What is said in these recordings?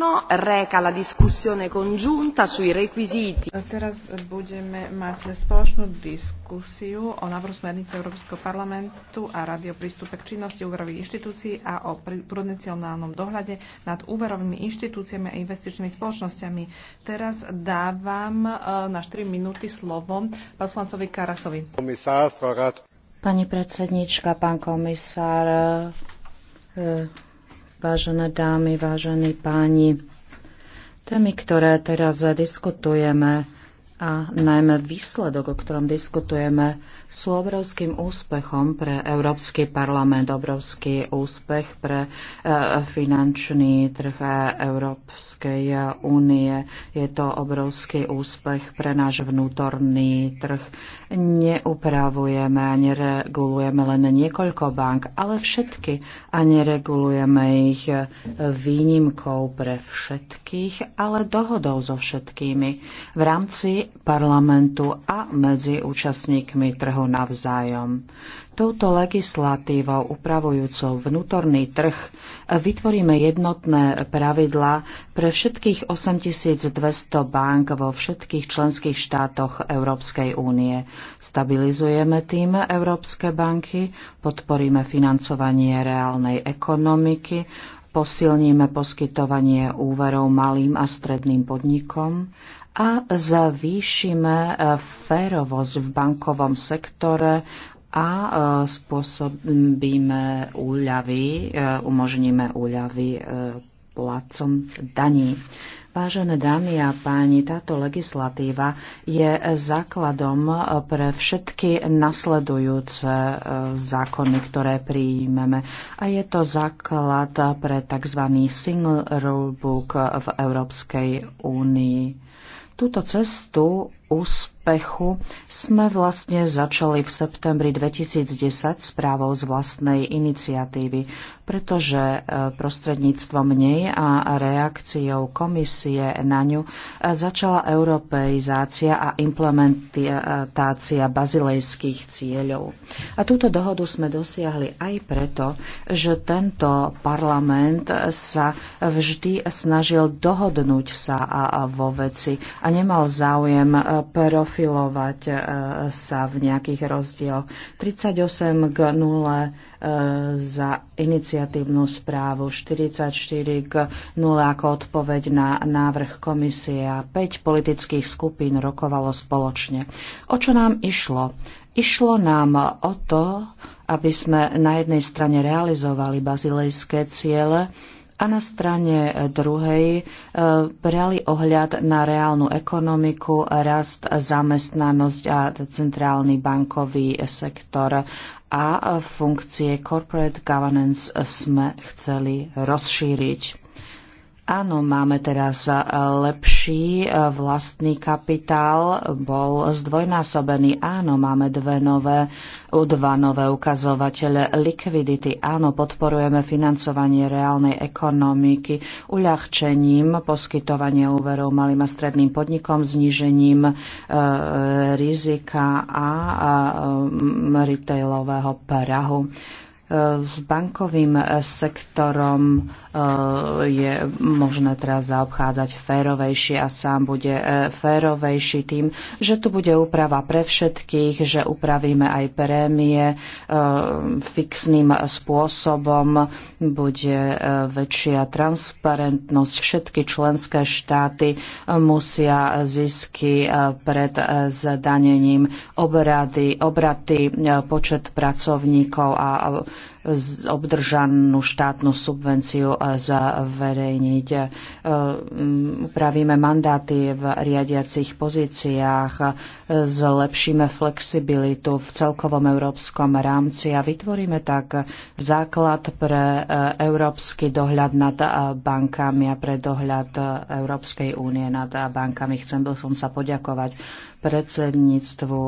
No, teraz budeme mať spoločnú diskusiu o návrhu smernice Európskeho parlamentu a rady o prístupe k činnosti úverových inštitúcií a o prudenciálnom dohľade nad úverovými inštitúciami a investičnými spoločnosťami. Teraz dávam e, na 4 minúty slovo poslancovi Karasovi. Pani predsednička, pán komisár, e, vážené dámy, vážení páni. Témy, ktoré teraz diskutujeme a najmä výsledok, o ktorom diskutujeme, sú obrovským úspechom pre Európsky parlament, obrovský úspech pre e, finančný trh e, Európskej únie. Je to obrovský úspech pre náš vnútorný trh. Neupravujeme a neregulujeme len niekoľko bank, ale všetky a neregulujeme ich výnimkou pre všetkých, ale dohodou so všetkými v rámci parlamentu a medzi účastníkmi trhu trhu navzájom. Touto legislatívou upravujúcou vnútorný trh vytvoríme jednotné pravidlá pre všetkých 8200 bank vo všetkých členských štátoch Európskej únie. Stabilizujeme tým európske banky, podporíme financovanie reálnej ekonomiky, posilníme poskytovanie úverov malým a stredným podnikom a zvýšime e, férovosť v bankovom sektore a e, spôsobíme úľavy, e, umožníme úľavy platcom daní. Vážené dámy a páni, táto legislatíva je základom pre všetky nasledujúce zákony, ktoré prijímeme. A je to základ pre tzv. single rulebook v Európskej únii. Túto cestu úspešne pechu sme vlastne začali v septembri 2010 správou z vlastnej iniciatívy, pretože e, prostredníctvom nej a reakciou komisie na ňu e, začala europeizácia a implementácia bazilejských cieľov. A túto dohodu sme dosiahli aj preto, že tento parlament sa vždy snažil dohodnúť sa vo veci a nemal záujem e, prof profilovať e, sa v nejakých rozdieloch. 38 k 0 e, za iniciatívnu správu, 44 k 0 ako odpoveď na návrh komisie a 5 politických skupín rokovalo spoločne. O čo nám išlo? Išlo nám o to, aby sme na jednej strane realizovali bazilejské ciele, a na strane druhej e, brali ohľad na reálnu ekonomiku, rast, zamestnanosť a centrálny bankový sektor a funkcie corporate governance sme chceli rozšíriť. Áno, máme teraz e, lepší e, vlastný kapitál, bol zdvojnásobený. Áno, máme dve nové, dva nové ukazovatele likvidity. Áno, podporujeme financovanie reálnej ekonomiky uľahčením poskytovania úverov malým a stredným podnikom, znížením e, rizika a, a retailového prahu. S bankovým sektorom e, je možné teraz zaobchádzať férovejšie a sám bude e, férovejší tým, že tu bude úprava pre všetkých, že upravíme aj prémie e, fixným spôsobom, bude väčšia transparentnosť. Všetky členské štáty musia zisky pred zdanením obrady, obraty, počet pracovníkov a obdržanú štátnu subvenciu e, zaverejniť. E, upravíme mandáty v riadiacich pozíciách, e, zlepšíme flexibilitu v celkovom európskom rámci a vytvoríme tak základ pre európsky dohľad nad bankami a pre dohľad Európskej únie nad bankami. Chcem by som sa poďakovať predsedníctvu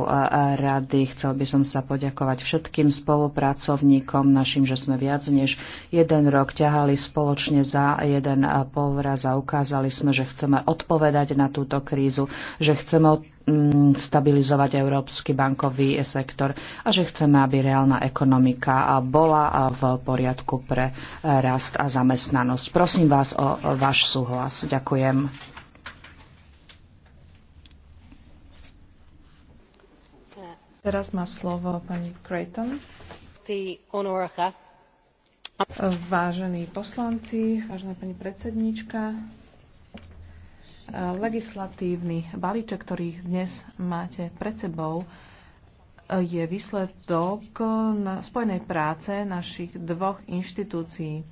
rady. Chcel by som sa poďakovať všetkým spolupracovníkom našim, že sme viac než jeden rok ťahali spoločne za jeden povraz a ukázali sme, že chceme odpovedať na túto krízu, že chceme mm, stabilizovať európsky bankový sektor a že chceme, aby reálna ekonomika bola v poriadku pre rast a zamestnanosť. Prosím vás o váš súhlas. Ďakujem. Teraz má slovo pani Creighton. Vážení poslanci, vážená pani predsedníčka, legislatívny balíček, ktorý dnes máte pred sebou, je výsledok na spojenej práce našich dvoch inštitúcií.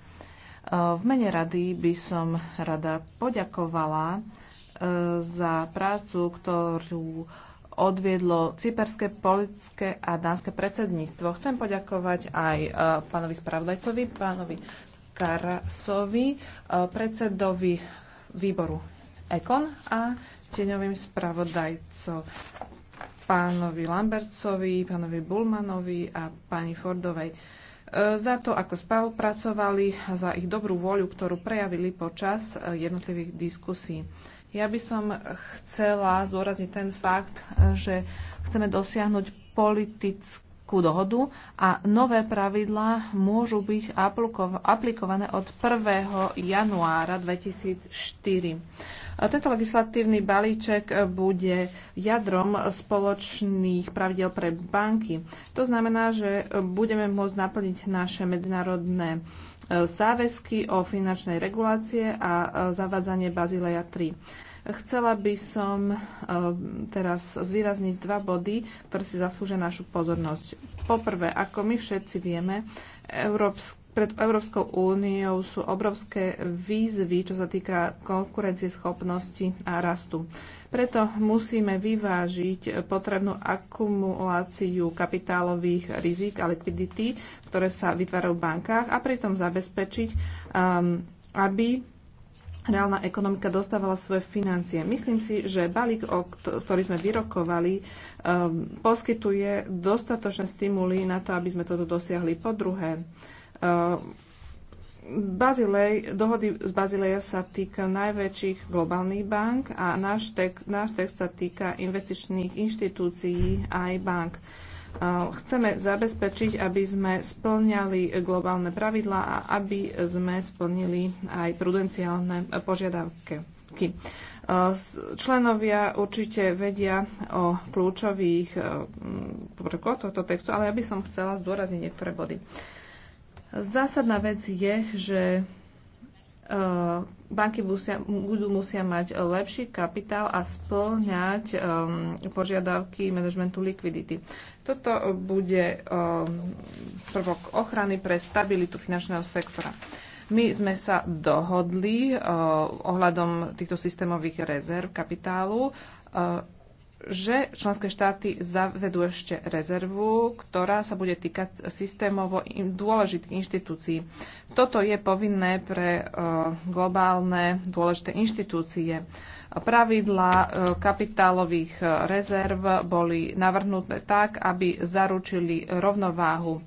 V mene rady by som rada poďakovala eh, za prácu, ktorú odviedlo cyperské, politické a dánske predsedníctvo. Chcem poďakovať aj e, pánovi spravodajcovi, pánovi Karasovi, e, predsedovi výboru Ekon a tieňovým spravodajcom pánovi Lambertsovi, pánovi Bulmanovi a pani Fordovej e, za to, ako spolupracovali, a za ich dobrú voľu, ktorú prejavili počas jednotlivých diskusí. Ja by som chcela zdôrazniť ten fakt, že chceme dosiahnuť politickú dohodu a nové pravidlá môžu byť aplikované od 1. januára 2004. Tento legislatívny balíček bude jadrom spoločných pravidel pre banky. To znamená, že budeme môcť naplniť naše medzinárodné záväzky o finančnej regulácie a e, zavádzanie Bazileja 3. Chcela by som e, teraz zvýrazniť dva body, ktoré si zaslúžia našu pozornosť. Poprvé, ako my všetci vieme, Európsk pred Európskou úniou sú obrovské výzvy, čo sa týka konkurencieschopnosti a rastu. Preto musíme vyvážiť potrebnú akumuláciu kapitálových rizik a likvidity, ktoré sa vytvárajú v bankách a pritom zabezpečiť, um, aby reálna ekonomika dostávala svoje financie. Myslím si, že balík, o ktorý sme vyrokovali, um, poskytuje dostatočné stimuly na to, aby sme toto dosiahli. Po druhé, uh, Bazilej, dohody z Bazileja sa týka najväčších globálnych bank a náš text, náš text sa týka investičných inštitúcií aj bank. Chceme zabezpečiť, aby sme splňali globálne pravidlá a aby sme splnili aj prudenciálne požiadavky. Členovia určite vedia o kľúčových prvkoch tohto textu, ale ja by som chcela zdôrazniť niektoré body. Zásadná vec je, že eh, banky musia, budú musia mať lepší kapitál a splňať um, eh, požiadavky manažmentu likvidity. Toto bude um, prvok ochrany pre stabilitu finančného sektora. My sme sa dohodli uh, ohľadom týchto systémových rezerv kapitálu. Uh, že členské štáty zavedú ešte rezervu, ktorá sa bude týkať systémovo dôležitých inštitúcií. Toto je povinné pre e, globálne dôležité inštitúcie. Pravidlá e, kapitálových e, rezerv boli navrhnuté tak, aby zaručili rovnováhu.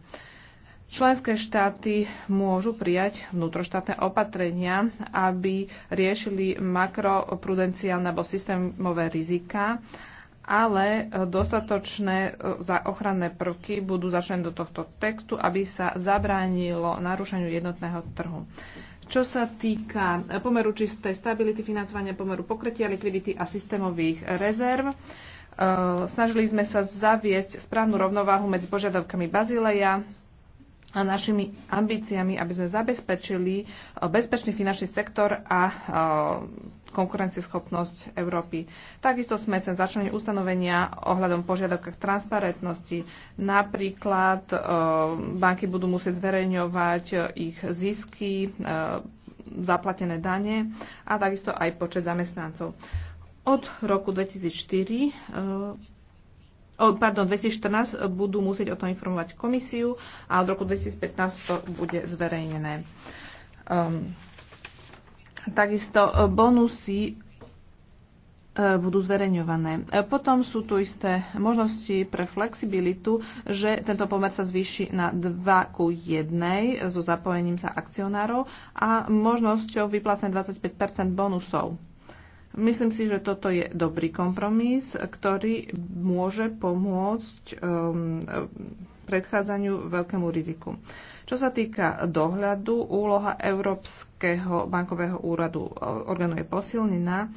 Členské štáty môžu prijať vnútroštátne opatrenia, aby riešili makroprudenciálne alebo systémové rizika ale e, dostatočné e, za ochranné prvky budú začlené do tohto textu, aby sa zabránilo narušeniu jednotného trhu. Čo sa týka e, pomeru čistej stability, financovania pomeru pokrytia, likvidity a systémových rezerv, snažili sme sa zaviesť správnu rovnováhu medzi požiadavkami Bazileja, a našimi ambíciami, aby sme zabezpečili bezpečný finančný sektor a konkurencieschopnosť Európy. Takisto sme sem začali ustanovenia ohľadom požiadavkách transparentnosti. Napríklad e, banky budú musieť zverejňovať e, ich zisky, e, zaplatené dane a takisto aj počet zamestnancov. Od roku 2004 e, pardon, 2014 budú musieť o tom informovať komisiu a od roku 2015 to bude zverejnené. Um, Takisto e, bonusy e, budú zverejňované. E, potom sú tu isté možnosti pre flexibilitu, že tento pomer sa zvýši na 2 ku 1 so zapojením sa akcionárov a možnosťou vyplácať 25 bonusov. Myslím si, že toto je dobrý kompromis, ktorý môže pomôcť um, predchádzaniu veľkému riziku. Čo sa týka dohľadu, úloha Európskeho bankového úradu e, orgánu je posilnená, e,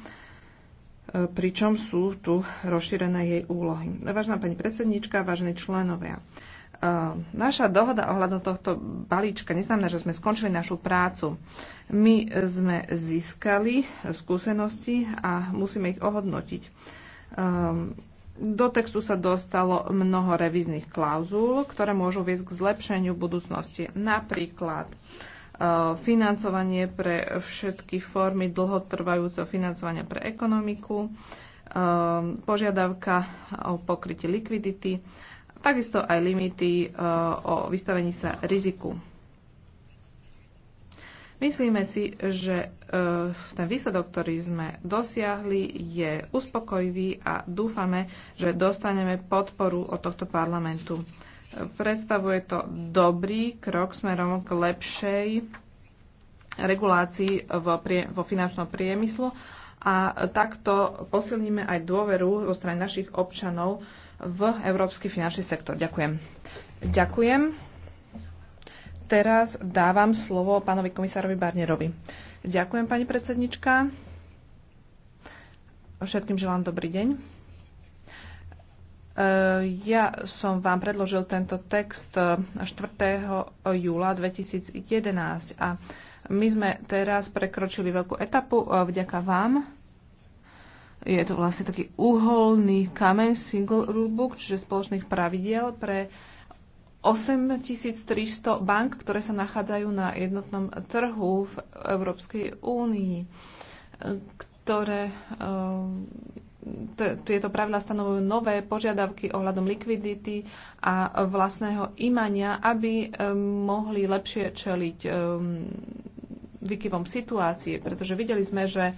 pričom sú tu rozšírené jej úlohy. Vážená pani predsednička, vážení členovia, e, naša dohoda ohľadom tohto balíčka neznamená, že sme skončili našu prácu. My sme získali skúsenosti a musíme ich ohodnotiť. Ehm, do textu sa dostalo mnoho revíznych klauzúl, ktoré môžu viesť k zlepšeniu budúcnosti. Napríklad e, financovanie pre všetky formy dlhotrvajúceho financovania pre ekonomiku, e, požiadavka o pokrytie likvidity, takisto aj limity e, o vystavení sa riziku. Myslíme si, že eh, ten výsledok, ktorý sme dosiahli, je uspokojivý a dúfame, že dostaneme podporu od tohto parlamentu. Predstavuje to dobrý krok smerom k lepšej regulácii vo finančnom priemyslu a takto posilníme aj dôveru zo strany našich občanov v európsky finančný sektor. Ďakujem. Ďakujem teraz dávam slovo pánovi komisárovi Barnerovi. Ďakujem, pani predsednička. Všetkým želám dobrý deň. E, ja som vám predložil tento text 4. E, júla 2011 a my sme teraz prekročili veľkú etapu e, vďaka vám. Je to vlastne taký uholný kameň Single Rulebook, čiže spoločných pravidiel pre 8300 bank, ktoré sa nachádzajú na jednotnom trhu v Európskej únii, ktoré eh, tieto pravidla stanovujú nové požiadavky ohľadom likvidity a vlastného imania, aby eh, mohli lepšie čeliť eh, vykyvom situácie, pretože videli sme, že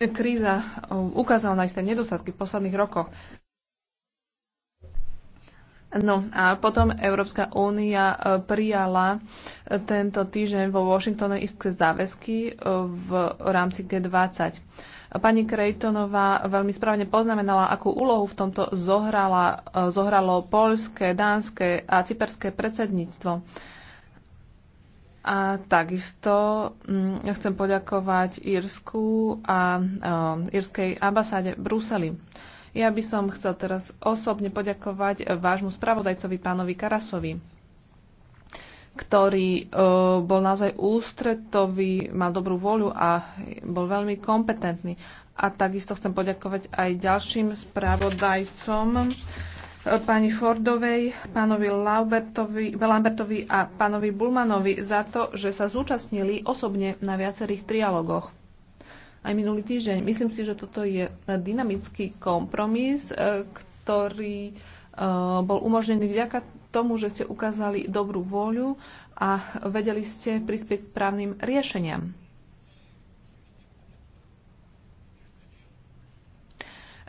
kríza ukázala na isté nedostatky v posledných rokoch. No a potom Európska únia e, prijala e, tento týždeň vo Washingtone istké záväzky e, v rámci G20. Pani Krejtonová veľmi správne poznamenala, akú úlohu v tomto zohrala, zohralo poľské, dánske a cyperské predsedníctvo. A takisto ja mm, chcem poďakovať Írsku a írskej ambasáde v Bruseli. Ja by som chcel teraz osobne poďakovať vášmu spravodajcovi pánovi Karasovi, ktorý e, bol naozaj ústretový, mal dobrú voľu a bol veľmi kompetentný. A takisto chcem poďakovať aj ďalším spravodajcom, e, pani Fordovej, pánovi Laubertovi, Lambertovi a pánovi Bulmanovi za to, že sa zúčastnili osobne na viacerých trialogoch aj minulý týždeň. Myslím si, že toto je dynamický kompromis, e, ktorý e, bol umožnený vďaka tomu, že ste ukázali dobrú voľu a vedeli ste prispieť správnym riešeniam.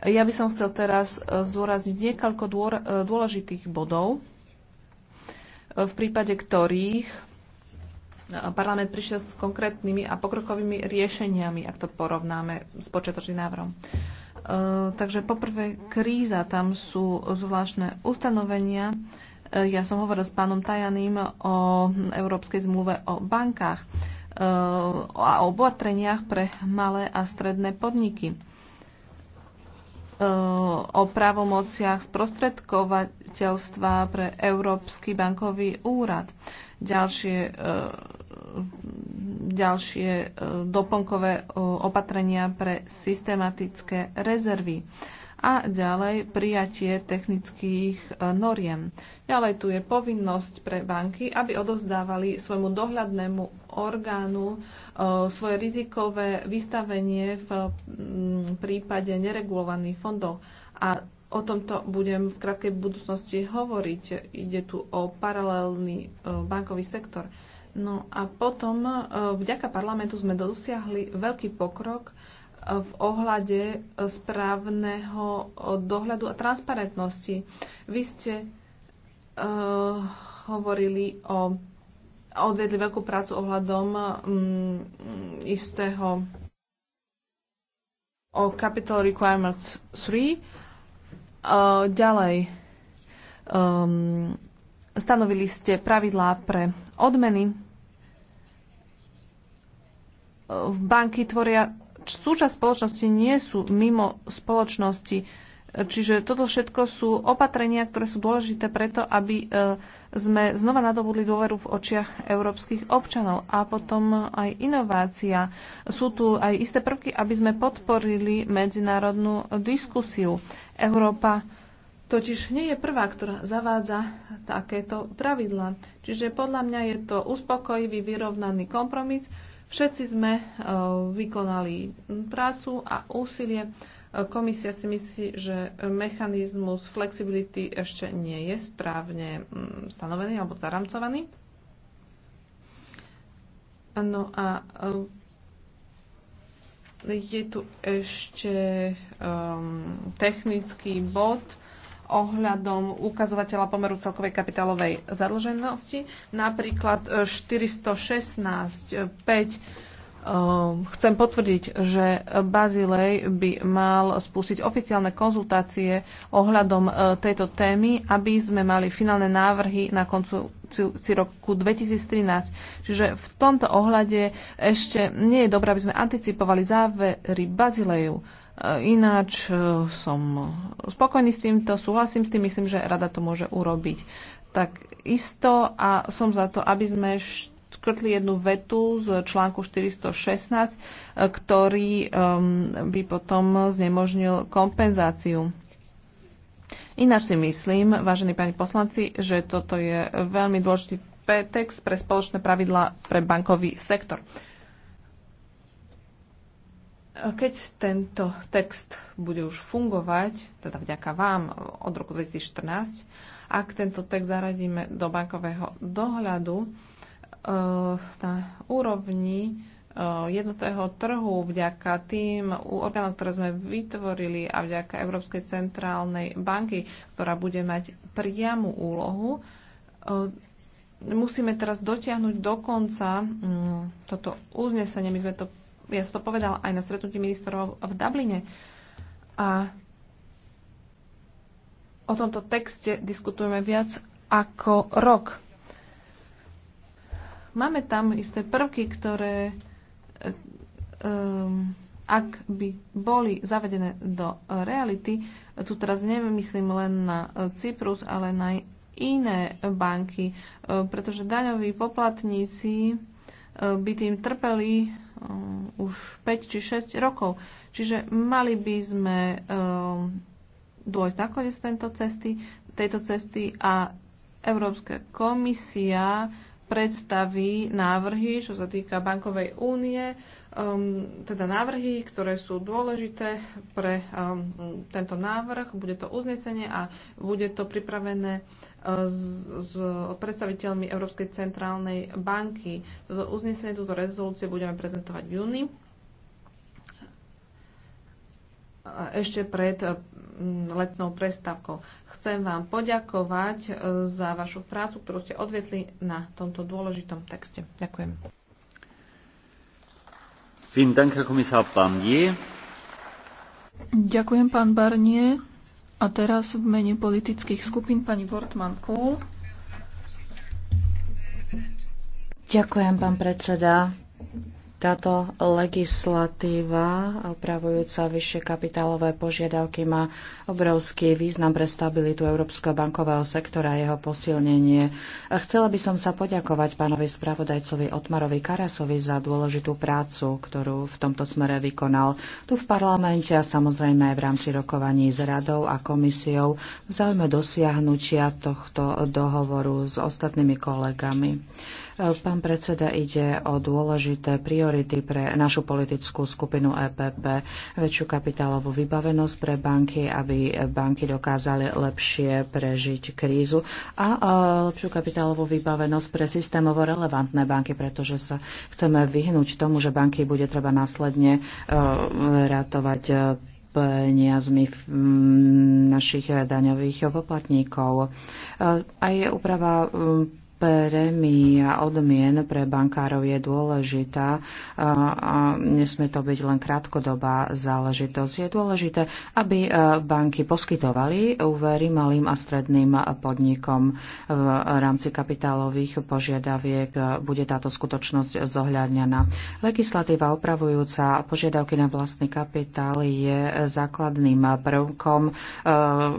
Ja by som chcel teraz e, zdôrazniť niekoľko dôležitých bodov, v prípade ktorých parlament prišiel s konkrétnymi a pokrokovými riešeniami, ak to porovnáme s počiatočným návrhom. E, takže poprvé kríza, tam sú zvláštne ustanovenia. E, ja som hovorila s pánom Tajaným o Európskej zmluve o bankách e, a o opatreniach pre malé a stredné podniky o právomociach sprostredkovateľstva pre Európsky bankový úrad ďalšie, e, ďalšie e, doplnkové e, opatrenia pre systematické rezervy a ďalej prijatie technických noriem. Ďalej tu je povinnosť pre banky, aby odovzdávali svojmu dohľadnému orgánu svoje rizikové vystavenie v prípade neregulovaných fondov. A O tomto budem v krátkej budúcnosti hovoriť. Ide tu o paralelný e, bankový sektor. No a potom e, vďaka parlamentu sme dosiahli veľký pokrok e, v ohľade správneho dohľadu a transparentnosti. Vy ste uh, hovorili o odvedli veľkú prácu ohľadom um, istého o Capital Requirements 3 Eh, ďalej, um, stanovili ste pravidlá pre odmeny. Eh, banky tvoria súčasť spoločnosti, nie sú mimo spoločnosti. Čiže toto všetko sú opatrenia, ktoré sú dôležité preto, aby eh, sme znova nadobudli dôveru v očiach európskych občanov. A potom aj inovácia. Sú tu aj isté prvky, aby sme podporili medzinárodnú diskusiu. Európa totiž nie je prvá, ktorá zavádza takéto pravidla. Čiže podľa mňa je to uspokojivý, vyrovnaný kompromis. Všetci sme e, vykonali prácu a úsilie. E, komisia si myslí, že mechanizmus flexibility ešte nie je správne mm, stanovený alebo zaramcovaný. No a e, je tu ešte um, technický bod ohľadom ukazovateľa pomeru celkovej kapitálovej zadlženosti. Napríklad 416, e, 5 Ehm, chcem potvrdiť, že Bazilej by mal spustiť oficiálne konzultácie ohľadom e, tejto témy, aby sme mali finálne návrhy na koncu roku 2013. Čiže v tomto ohľade ešte nie je dobré, aby sme anticipovali závery Bazileju. E, ináč e, som spokojný s týmto, súhlasím s tým, myslím, že rada to môže urobiť. Tak isto a som za to, aby sme škrtli jednu vetu z článku 416, ktorý um, by potom znemožnil kompenzáciu. Ináč si myslím, vážení pani poslanci, že toto je veľmi dôležitý text pre spoločné pravidla pre bankový sektor. Keď tento text bude už fungovať, teda vďaka vám od roku 2014, ak tento text zaradíme do bankového dohľadu, Eh, na úrovni eh, jednotného trhu vďaka tým orgánom, ktoré sme vytvorili a vďaka Európskej centrálnej banky, ktorá bude mať priamu úlohu, eh, musíme teraz dotiahnuť do konca mm, toto uznesenie. My sme to, ja som to povedal aj na stretnutí ministrov v Dubline. A o tomto texte diskutujeme viac ako rok. Máme tam isté prvky, ktoré um, ak by boli zavedené do reality, tu teraz nemyslím len na e, Cyprus, ale na iné banky, pretože daňoví poplatníci by tým trpeli už 5 či 6 rokov. Čiže mali by sme dôjsť nakoniec tejto cesty a Európska komisia predstaví návrhy, čo sa týka bankovej únie, um, teda návrhy, ktoré sú dôležité pre um, tento návrh. Bude to uznesenie a bude to pripravené uh, s, predstaviteľmi Európskej centrálnej banky. Toto uznesenie, túto rezolúcie budeme prezentovať v júni ešte pred mm, letnou prestávkou. Chcem vám poďakovať e, za vašu prácu, ktorú ste odvetli na tomto dôležitom texte. Ďakujem. Ďakujem, pán Barnier. A teraz v mene politických skupín pani Wortmann Kohl. Ďakujem, pán predseda. Táto legislatíva upravujúca vyššie kapitálové požiadavky má obrovský význam pre stabilitu Európskeho bankového sektora a jeho posilnenie. Chcela by som sa poďakovať pánovi spravodajcovi Otmarovi Karasovi za dôležitú prácu, ktorú v tomto smere vykonal tu v parlamente a samozrejme aj v rámci rokovaní s radou a komisiou v záujme dosiahnutia tohto dohovoru s ostatnými kolegami. Pán predseda, ide o dôležité priority pre našu politickú skupinu EPP, väčšiu kapitálovú vybavenosť pre banky, aby banky dokázali lepšie prežiť krízu a lepšiu kapitálovú vybavenosť pre systémovo relevantné banky, pretože sa chceme vyhnúť tomu, že banky bude treba následne e, ratovať e, peniazmi našich daňových poplatníkov. E, aj úprava Prémia odmien pre bankárov je dôležitá a nesmie to byť len krátkodobá záležitosť. Je dôležité, aby e, banky poskytovali úvery malým a stredným podnikom v rámci kapitálových požiadaviek. Bude táto skutočnosť zohľadňaná. Legislatíva opravujúca požiadavky na vlastný kapitál je základným prvkom, e,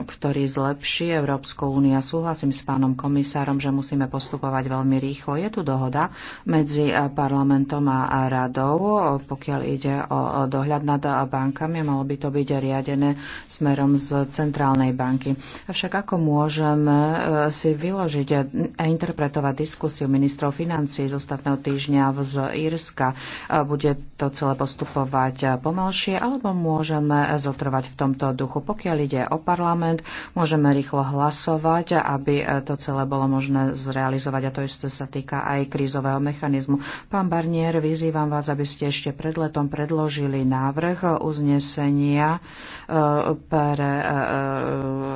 ktorý zlepší Európsku úniu. Súhlasím s pánom komisárom, že musíme poskytovať postupovať veľmi rýchlo. Je tu dohoda medzi parlamentom a radou, pokiaľ ide o dohľad nad bankami. Malo by to byť riadené smerom z centrálnej banky. Avšak ako môžeme e, si vyložiť a interpretovať diskusiu ministrov financí z ostatného týždňa z Írska? E, bude to celé postupovať pomalšie, alebo môžeme zotrvať v tomto duchu? Pokiaľ ide o parlament, môžeme rýchlo hlasovať, aby to celé bolo možné zrealizovať realizovať a to isté sa týka aj krízového mechanizmu. Pán Barnier, vyzývam vás, aby ste ešte pred letom predložili návrh uznesenia e, pre e, e,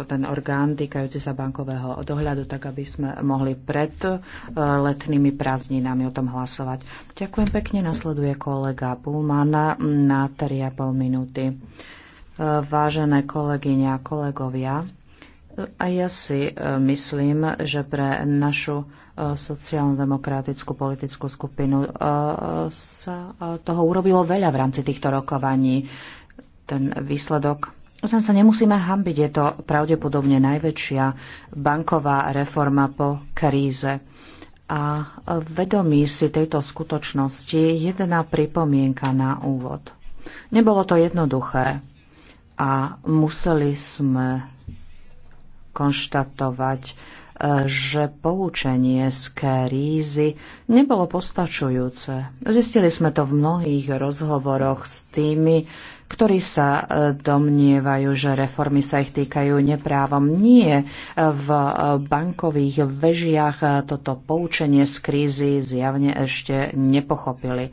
ten orgán týkajúci sa bankového dohľadu, tak aby sme mohli pred letnými prázdninami o tom hlasovať. Ďakujem pekne. Nasleduje kolega Pulmana na 3,5 minúty. Vážené kolegyne a kolegovia, a ja si e, myslím, že pre našu e, sociálno-demokratickú politickú skupinu e, sa toho urobilo veľa v rámci týchto rokovaní. Ten výsledok Zem sa nemusíme hambiť, je to pravdepodobne najväčšia banková reforma po kríze. A vedomí si tejto skutočnosti jedna pripomienka na úvod. Nebolo to jednoduché a museli sme konštatovať, e, že poučenie z krízy nebolo postačujúce. Zistili sme to v mnohých rozhovoroch s tými, ktorí sa e, domnievajú, že reformy sa ich týkajú neprávom. Nie e, v bankových vežiach toto poučenie z krízy zjavne ešte nepochopili.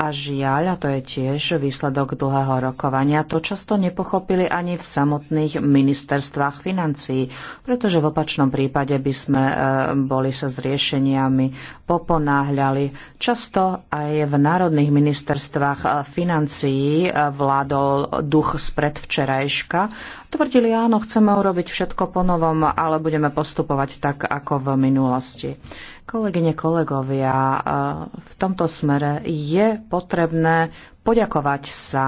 A žiaľ, a to je tiež výsledok dlhého rokovania, to často nepochopili ani v samotných ministerstvách financií, pretože v opačnom prípade by sme e, boli sa s riešeniami poponáhľali. Často aj v národných ministerstvách e, financií e, vládol duch spred včerajška tvrdili, áno, chceme urobiť všetko po novom, ale budeme postupovať tak, ako v minulosti. Kolegyne, kolegovia, eh, v tomto smere je potrebné poďakovať sa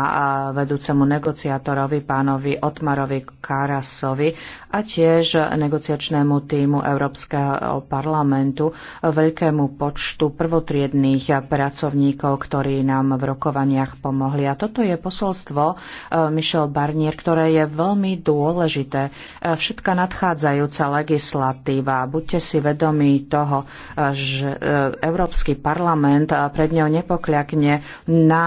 vedúcemu negociátorovi pánovi Otmarovi Karasovi a tiež negociačnému týmu Európskeho parlamentu, veľkému počtu prvotriedných pracovníkov, ktorí nám v rokovaniach pomohli. A toto je posolstvo e, Michel Barnier, ktoré je veľmi dôležité. E, všetka nadchádzajúca legislatíva, buďte si vedomí toho, e, že Európsky parlament pred ňou nepokľakne na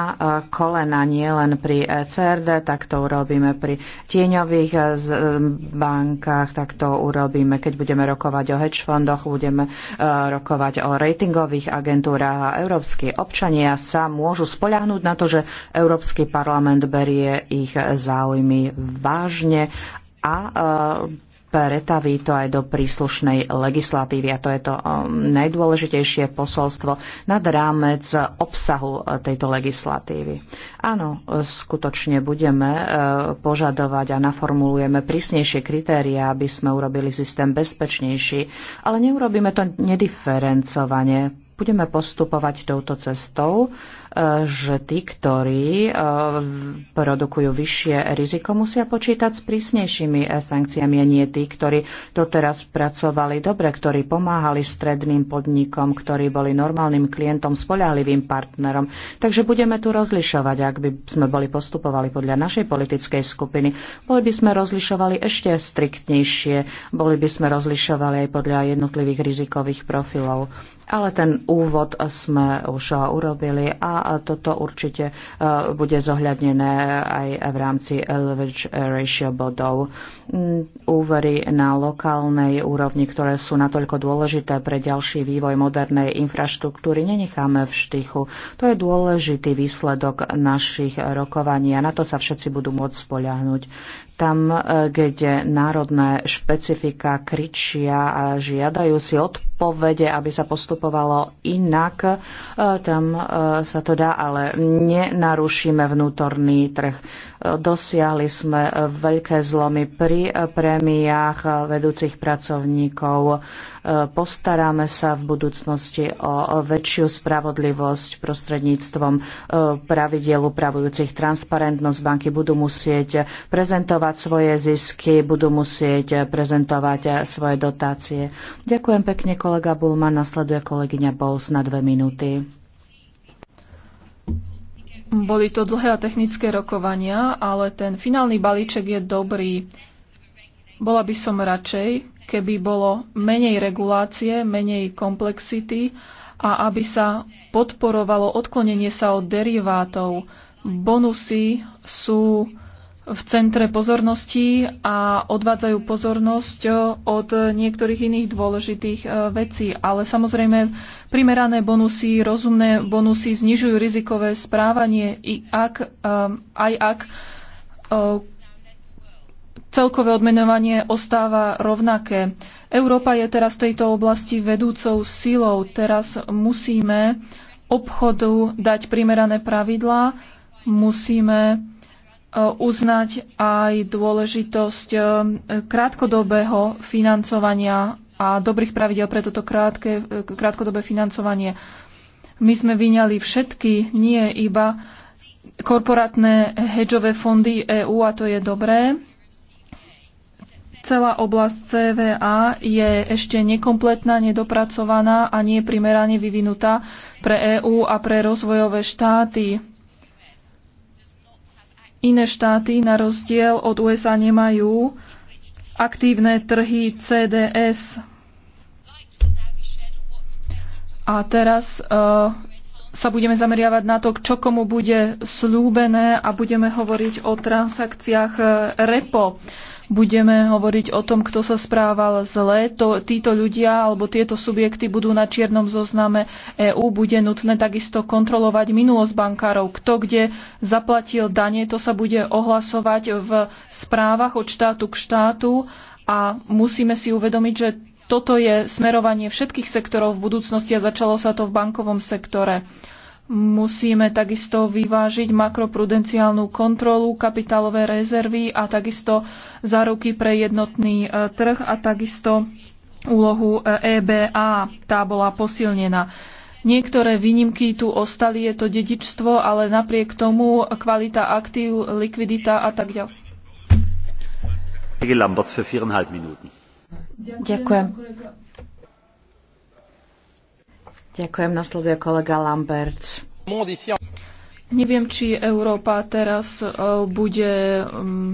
kolena nie len pri e CRD, tak to urobíme pri tieňových e, e, bankách, tak to urobíme, keď budeme rokovať o hedge fondoch, budeme rokovať o ratingových agentúrách. a európsky občania sa môžu spoľahnúť na to, že Európsky parlament berie ich záujmy vážne a pretaví to aj do príslušnej legislatívy. A to je to um, najdôležitejšie posolstvo nad rámec obsahu uh, tejto legislatívy. Áno, uh, skutočne budeme uh, požadovať a naformulujeme prísnejšie kritéria, aby sme urobili systém bezpečnejší, ale neurobíme to nediferencovane. Budeme postupovať touto cestou že tí, ktorí e, produkujú vyššie riziko, musia počítať s prísnejšími e, sankciami a nie tí, ktorí doteraz pracovali dobre, ktorí pomáhali stredným podnikom, ktorí boli normálnym klientom, spolahlivým partnerom. Takže budeme tu rozlišovať, ak by sme boli postupovali podľa našej politickej skupiny, boli by sme rozlišovali ešte striktnejšie, boli by sme rozlišovali aj podľa jednotlivých rizikových profilov. Ale ten úvod sme už urobili a toto určite e, bude zohľadnené aj v rámci leverage ratio bodov. Mm, úvery na lokálnej úrovni, ktoré sú natoľko dôležité pre ďalší vývoj modernej infraštruktúry, nenecháme v štychu. To je dôležitý výsledok našich rokovaní a na to sa všetci budú môcť spoľahnúť tam, e, kde národné špecifika kričia a žiadajú si odpovede, aby sa postupovalo inak, e, tam e, sa to dá, ale nenarušíme vnútorný trh. Dosiahli sme veľké zlomy pri prémiách vedúcich pracovníkov. Postaráme sa v budúcnosti o väčšiu spravodlivosť prostredníctvom pravidiel upravujúcich transparentnosť. Banky budú musieť prezentovať svoje zisky, budú musieť prezentovať svoje dotácie. Ďakujem pekne, kolega Bulman. Nasleduje kolegyňa Bols na dve minúty. Boli to dlhé a technické rokovania, ale ten finálny balíček je dobrý. Bola by som radšej, keby bolo menej regulácie, menej komplexity a aby sa podporovalo odklonenie sa od derivátov. Bonusy sú v centre pozornosti a odvádzajú pozornosť eh, od niektorých iných dôležitých eh, vecí. Ale samozrejme, primerané bonusy, rozumné bonusy znižujú rizikové správanie, i ak, eh, aj ak celkové odmenovanie ostáva rovnaké. Európa je teraz v tejto oblasti vedúcou silou. Teraz musíme obchodu dať primerané pravidlá, musíme E, uznať aj dôležitosť e, krátkodobého financovania a dobrých pravidel pre toto krátke, e, krátkodobé financovanie. My sme vyňali všetky, nie iba korporátne hedžové fondy EÚ a to je dobré. Celá oblasť CVA je ešte nekompletná, nedopracovaná a nie primerane vyvinutá pre EÚ a pre rozvojové štáty. Iné štáty na rozdiel od USA nemajú aktívne trhy CDS. A teraz uh, sa budeme zameriavať na to, čo komu bude slúbené a budeme hovoriť o transakciách e, repo budeme hovoriť o tom, kto sa správal zle, to, títo ľudia alebo tieto subjekty budú na čiernom zozname EÚ, bude nutné takisto kontrolovať minulosť bankárov, kto kde zaplatil dane, to sa bude ohlasovať v správach od štátu k štátu a musíme si uvedomiť, že toto je smerovanie všetkých sektorov v budúcnosti a začalo sa to v bankovom sektore. Musíme takisto vyvážiť makroprudenciálnu kontrolu, kapitálové rezervy a takisto záruky pre jednotný e, trh a takisto úlohu EBA. E tá bola posilnená. Niektoré výnimky tu ostali, je to dedičstvo, ale napriek tomu kvalita aktív, likvidita a tak ďalej. Ďakujem. Ďakujem, nasleduje kolega Lambert. Neviem, či Európa teraz e, bude mm,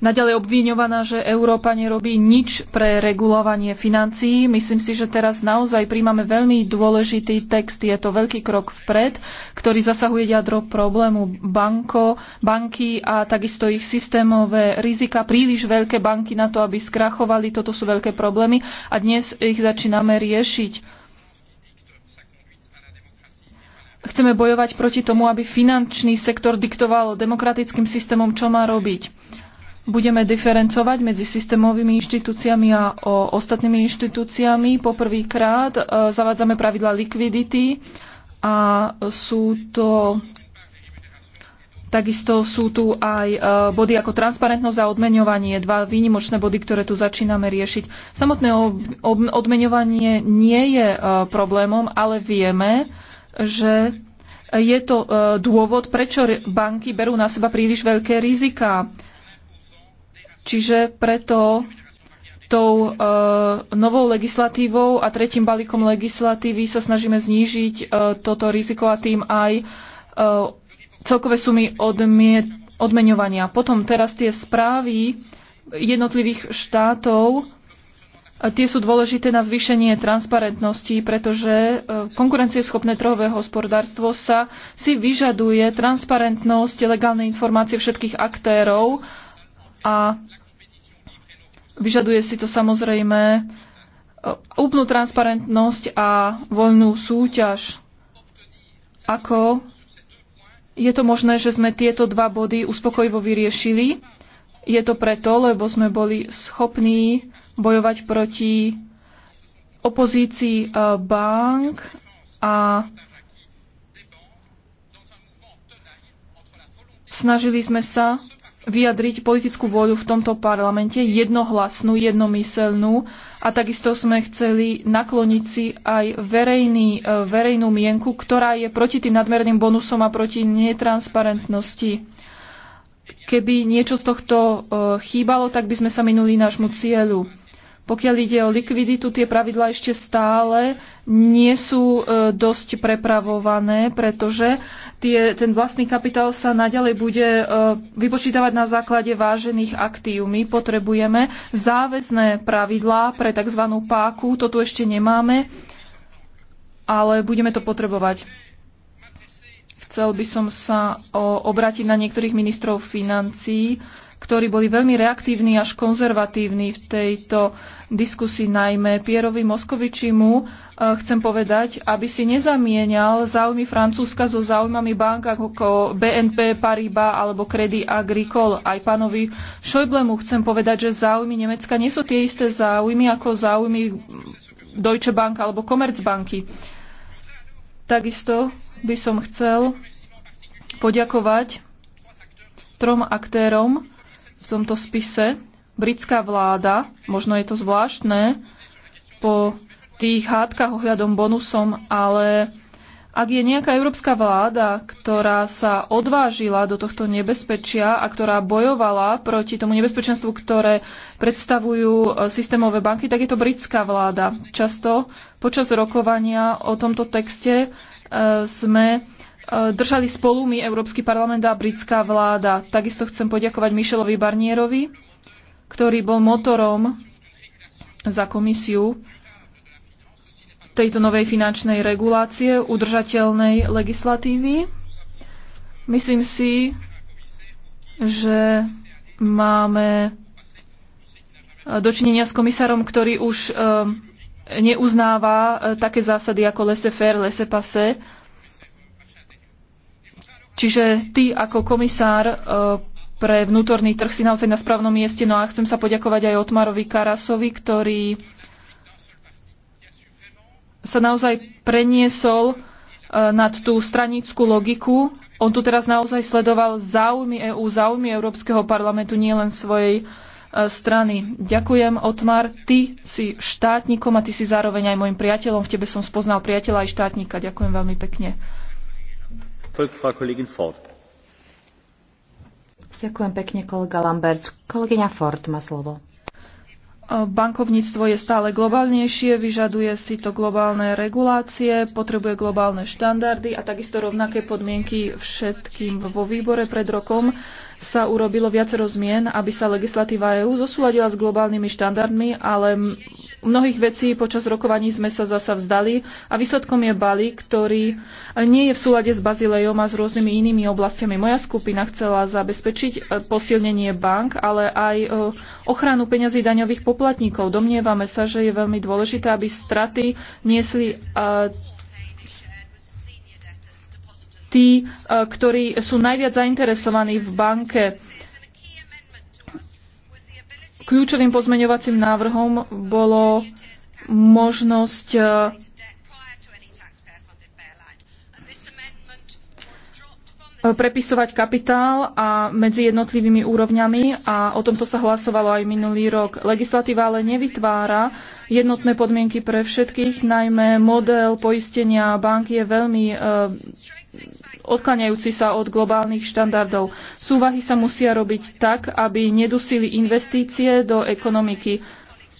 naďalej obviňovaná, že Európa nerobí nič pre regulovanie financií. Myslím si, že teraz naozaj príjmame veľmi dôležitý text. Je to veľký krok vpred, ktorý zasahuje jadro problému banko, banky a takisto ich systémové rizika. Príliš veľké banky na to, aby skrachovali, toto sú veľké problémy a dnes ich začíname riešiť Chceme bojovať proti tomu, aby finančný sektor diktoval demokratickým systémom, čo má robiť. Budeme diferencovať medzi systémovými inštitúciami a o ostatnými inštitúciami. Poprvýkrát e, zavádzame pravidla likvidity a sú to Takisto sú tu aj e, body ako transparentnosť a odmeňovanie, dva výnimočné body, ktoré tu začíname riešiť. Samotné odmeňovanie nie je e, problémom, ale vieme, že je to e, dôvod, prečo banky berú na seba príliš veľké riziká. Čiže preto tou e, novou legislatívou a tretím balíkom legislatívy sa snažíme znížiť e, toto riziko a tým aj celkové sumy odmiet, odmeňovania. Potom teraz tie správy jednotlivých štátov Tie sú dôležité na zvýšenie transparentnosti, pretože e, konkurencieschopné trhové hospodárstvo sa si vyžaduje transparentnosť, legálne informácie všetkých aktérov a vyžaduje si to samozrejme e, úplnú transparentnosť a voľnú súťaž. Ako je to možné, že sme tieto dva body uspokojivo vyriešili? Je to preto, lebo sme boli schopní bojovať proti opozícii eh, bank a snažili sme sa vyjadriť politickú vôľu v tomto parlamente, jednohlasnú, jednomyselnú a takisto sme chceli nakloniť si aj verejný, eh, verejnú mienku, ktorá je proti tým nadmerným bonusom a proti netransparentnosti. Keby niečo z tohto eh, chýbalo, tak by sme sa minuli nášmu cieľu. Pokiaľ ide o likviditu, tie pravidla ešte stále nie sú e, dosť prepravované, pretože tie, ten vlastný kapitál sa naďalej bude e, vypočítavať na základe vážených aktív. My potrebujeme záväzné pravidlá pre tzv. páku, to tu ešte nemáme, ale budeme to potrebovať. Chcel by som sa obrátiť na niektorých ministrov financií, ktorí boli veľmi reaktívni až konzervatívni v tejto diskusii, najmä Pierovi Moskovičimu. E, chcem povedať, aby si nezamienial záujmy Francúzska so záujmami bank ako BNP Paribas alebo Credit Agricole. Aj pánovi Schäublemu chcem povedať, že záujmy Nemecka nie sú tie isté záujmy ako záujmy Deutsche Bank alebo Commerzbanky. Takisto by som chcel poďakovať trom aktérom, tomto spise. Britská vláda, možno je to zvláštne, po tých hádkach ohľadom bonusom, ale ak je nejaká európska vláda, ktorá sa odvážila do tohto nebezpečia a ktorá bojovala proti tomu nebezpečenstvu, ktoré predstavujú e, systémové banky, tak je to britská vláda. Často počas rokovania o tomto texte e, sme držali spolu my, Európsky parlament a britská vláda. Takisto chcem poďakovať Michelovi Barnierovi, ktorý bol motorom za komisiu tejto novej finančnej regulácie, udržateľnej legislatívy. Myslím si, že máme dočinenia s komisárom, ktorý už eh, neuznáva eh, také zásady ako laissez-faire, laissez-passer, Čiže ty ako komisár e, pre vnútorný trh si naozaj na správnom mieste. No a chcem sa poďakovať aj Otmarovi Karasovi, ktorý sa naozaj preniesol e, nad tú stranickú logiku. On tu teraz naozaj sledoval záujmy EÚ, záujmy Európskeho parlamentu, nielen svojej e, strany. Ďakujem, Otmar. Ty si štátnikom a ty si zároveň aj môjim priateľom. V tebe som spoznal priateľa aj štátnika. Ďakujem veľmi pekne. Ďakujem pekne, kolega Lamberts. Kolegyňa Ford má slovo. Bankovníctvo je stále globálnejšie, vyžaduje si to globálne regulácie, potrebuje globálne štandardy a takisto rovnaké podmienky všetkým vo výbore pred rokom sa urobilo viacero zmien, aby sa legislatíva EÚ zosúladila s globálnymi štandardmi, ale mnohých vecí počas rokovaní sme sa zasa vzdali a výsledkom je balík, ktorý nie je v súlade s Bazilejom a s rôznymi inými oblastiami. Moja skupina chcela zabezpečiť e, posilnenie bank, ale aj e, ochranu peňazí daňových poplatníkov. Domnievame sa, že je veľmi dôležité, aby straty niesli e, tí, e, ktorí sú najviac zainteresovaní v banke. Kľúčovým pozmeňovacím návrhom bolo možnosť e, prepisovať kapitál a medzi jednotlivými úrovňami a o tomto sa hlasovalo aj minulý rok. Legislatíva ale nevytvára jednotné podmienky pre všetkých, najmä model poistenia banky je veľmi uh, e, odklaňajúci sa od globálnych štandardov. Súvahy sa musia robiť tak, aby nedusili investície do ekonomiky.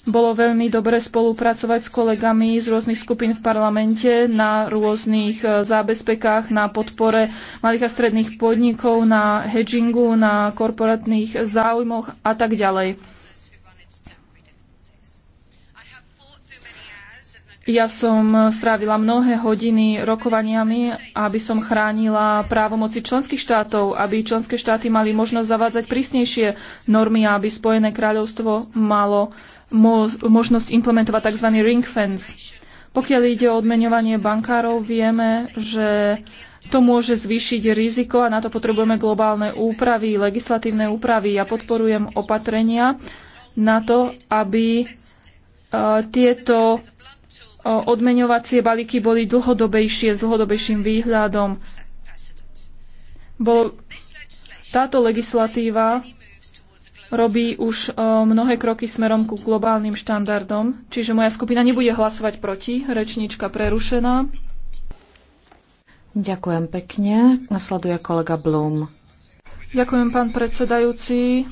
Bolo veľmi dobre spolupracovať s kolegami z rôznych skupín v parlamente na rôznych e, zábezpekách, na podpore malých a stredných podnikov, na hedgingu, na korporátnych záujmoch a tak ďalej. Ja som strávila mnohé hodiny rokovaniami, aby som chránila právomoci členských štátov, aby členské štáty mali možnosť zavádzať prísnejšie normy, aby Spojené kráľovstvo malo možnosť implementovať tzv. ring fence. Pokiaľ ide o odmeňovanie bankárov, vieme, že to môže zvýšiť riziko a na to potrebujeme globálne úpravy, legislatívne úpravy. Ja podporujem opatrenia na to, aby e, tieto e, odmeňovacie balíky boli dlhodobejšie, s dlhodobejším výhľadom. Bolo, táto legislatíva robí už e, mnohé kroky smerom ku globálnym štandardom, čiže moja skupina nebude hlasovať proti. Rečníčka prerušená. Ďakujem pekne. Nasleduje kolega Blum. Ďakujem, pán predsedajúci.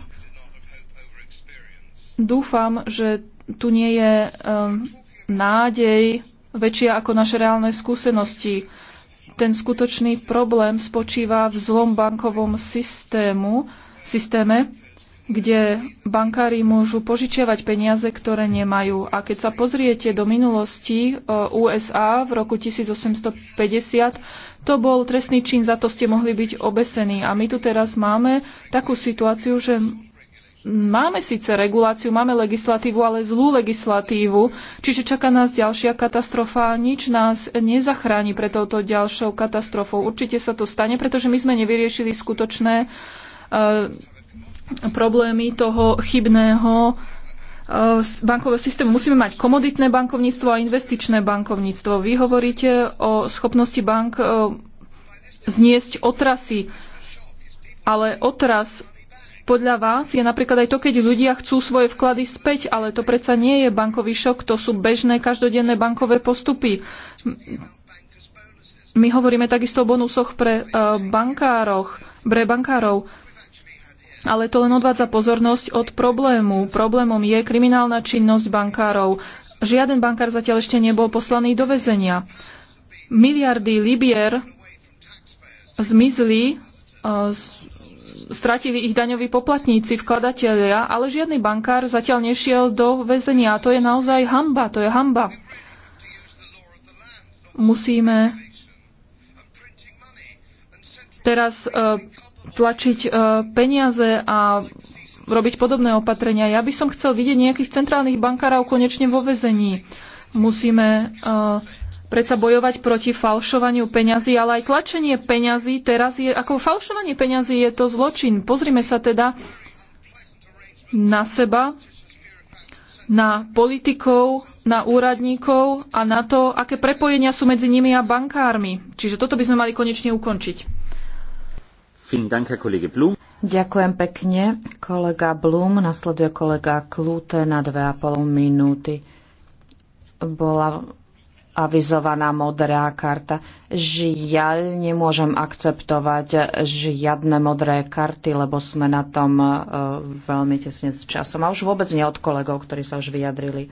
Dúfam, že tu nie je um, nádej väčšia ako naše reálne skúsenosti. Ten skutočný problém spočíva v zlom bankovom systému, systéme, kde bankári môžu požičiavať peniaze, ktoré nemajú. A keď sa pozriete do minulosti e, USA v roku 1850, to bol trestný čin, za to ste mohli byť obesení. A my tu teraz máme takú situáciu, že máme síce reguláciu, máme legislatívu, ale zlú legislatívu, čiže čaká nás ďalšia katastrofa a nič nás nezachráni pre touto ďalšou katastrofou. Určite sa to stane, pretože my sme nevyriešili skutočné uh, problémy toho chybného eh, bankového systému. Musíme mať komoditné bankovníctvo a investičné bankovníctvo. Vy hovoríte o schopnosti bank eh, zniesť otrasy, ale otras podľa vás je napríklad aj to, keď ľudia chcú svoje vklady späť, ale to predsa nie je bankový šok, to sú bežné každodenné bankové postupy. My hovoríme takisto o bonusoch pre eh, bankároch, pre bankárov ale to len odvádza pozornosť od problému. Problémom je kriminálna činnosť bankárov. Žiaden bankár zatiaľ ešte nebol poslaný do väzenia. Miliardy Libier zmizli, e, stratili ich daňoví poplatníci, vkladatelia, ale žiadny bankár zatiaľ nešiel do väzenia. To je naozaj hamba, to je hamba. Musíme teraz e, tlačiť e, peniaze a robiť podobné opatrenia. Ja by som chcel vidieť nejakých centrálnych bankárov konečne vo vezení. Musíme e, predsa bojovať proti falšovaniu peňazí, ale aj tlačenie peňazí teraz je, ako falšovanie peňazí je to zločin. Pozrime sa teda na seba, na politikov, na úradníkov a na to, aké prepojenia sú medzi nimi a bankármi. Čiže toto by sme mali konečne ukončiť. Ďakujem pekne. Kolega Blum, nasleduje kolega Klute na 2,5 minúty. Bola avizovaná modrá karta. Žiaľ, nemôžem akceptovať žiadne modré karty, lebo sme na tom e, veľmi tesne s časom. A už vôbec nie od kolegov, ktorí sa už vyjadrili.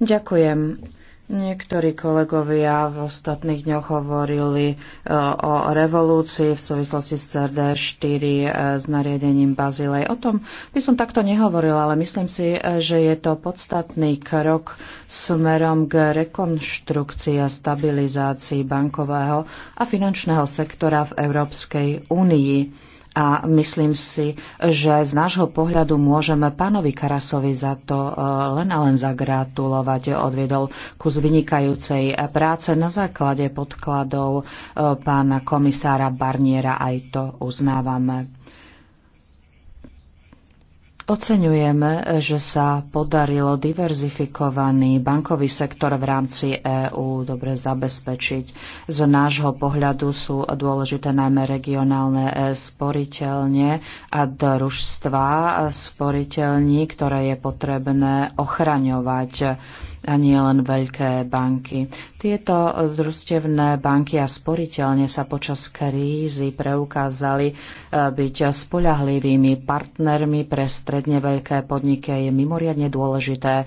Ďakujem. Niektorí kolegovia v ostatných dňoch hovorili e, o revolúcii v súvislosti s CD4 e, s nariadením Bazilej. O tom by som takto nehovorila, ale myslím si, e, že je to podstatný krok smerom k rekonštrukcii a stabilizácii bankového a finančného sektora v Európskej únii. A myslím si, že z nášho pohľadu môžeme pánovi Karasovi za to e, len a len zagratulovať. Odviedol kus vynikajúcej práce na základe podkladov e, pána komisára Barniera. Aj to uznávame. Oceňujeme, že sa podarilo diverzifikovaný bankový sektor v rámci EÚ dobre zabezpečiť. Z nášho pohľadu sú dôležité najmä regionálne e, sporiteľne a družstva sporiteľní, ktoré je potrebné ochraňovať a nie len veľké banky. Tieto družstevné banky a sporiteľne sa počas krízy preukázali eh, byť spoľahlivými partnermi pre stredne veľké podniky. Je mimoriadne dôležité, eh,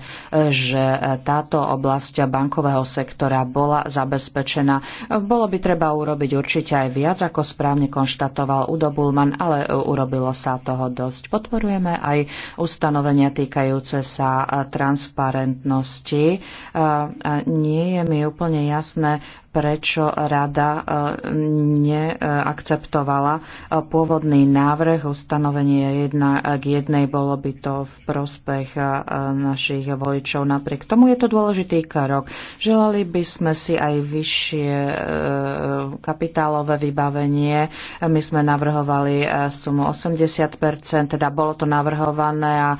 že eh, táto oblasť bankového sektora bola zabezpečená. Bolo by treba urobiť určite aj viac, ako správne konštatoval Udo Bulman, ale urobilo sa toho dosť. Podporujeme aj ustanovenia týkajúce sa transparentnosti nie je mi úplne jasné, prečo rada e, neakceptovala e, pôvodný návrh. Ustanovenie 1 k 1 bolo by to v prospech e, našich voličov. Napriek tomu je to dôležitý krok. Želali by sme si aj vyššie kapitálové vybavenie. My sme navrhovali sumu 80%, teda bolo to navrhované a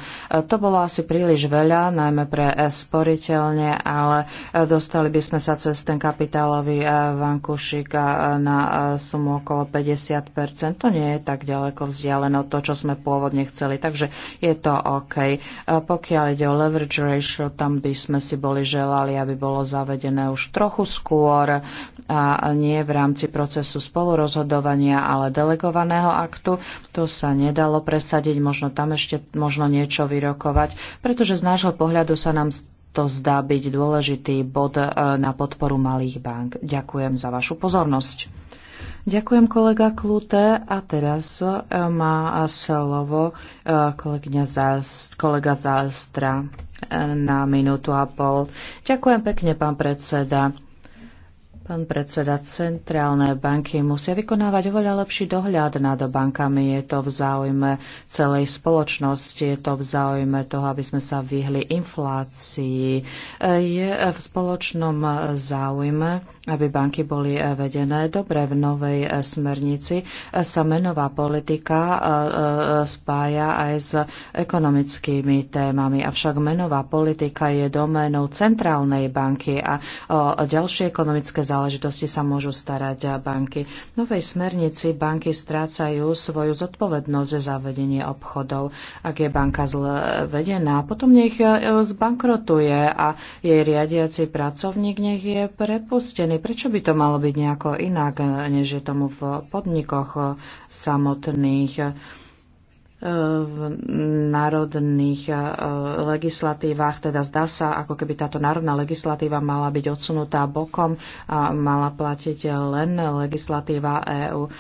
to bolo asi príliš veľa, najmä pre sporiteľne, ale dostali by sme sa cez ten kapitál Karlovi Vankušika na sumu okolo 50%. To nie je tak ďaleko vzdialené od toho, čo sme pôvodne chceli, takže je to OK. E, pokiaľ ide o leverage ratio, tam by sme si boli želali, aby bolo zavedené už trochu skôr a nie v rámci procesu spolurozhodovania, ale delegovaného aktu. To sa nedalo presadiť, možno tam ešte možno niečo vyrokovať, pretože z nášho pohľadu sa nám to zdá byť dôležitý bod e, na podporu malých bank. Ďakujem za vašu pozornosť. Ďakujem kolega Klute a teraz e, má slovo e, Zast, kolega Zastra na minútu a pol. Ďakujem pekne, pán predseda. Pán predseda, centrálne banky musia vykonávať oveľa lepší dohľad nad bankami. Je to v záujme celej spoločnosti, je to v záujme toho, aby sme sa vyhli inflácii. Je v spoločnom záujme, aby banky boli vedené dobre. V novej smernici sa menová politika e, e, spája aj s ekonomickými témami. Avšak menová politika je doménou centrálnej banky a ďalšie ekonomické záležitosti sa môžu starať banky. V novej smernici banky strácajú svoju zodpovednosť za zavedenie obchodov. Ak je banka zle vedená, potom nech zbankrotuje a jej riadiaci pracovník nech je prepustený. Prečo by to malo byť nejako inak, než je tomu v podnikoch samotných? v národných e, legislatívach. Teda zdá sa, ako keby táto národná legislatíva mala byť odsunutá bokom a mala platiť len legislatíva EÚ. E,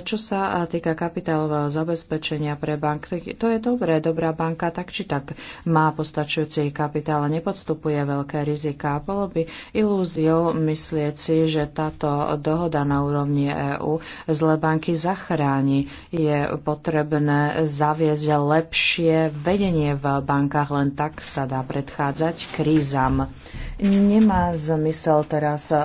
čo sa e, týka kapitálového zabezpečenia pre banky, to je dobré. Dobrá banka tak či tak má postačujúci kapitál a nepodstupuje veľké rizika. Bolo by ilúziou myslieť si, že táto dohoda na úrovni EÚ zle banky zachráni. Je potrebné zaviesť lepšie vedenie v bankách, len tak sa dá predchádzať krízam. Nemá zmysel teraz e,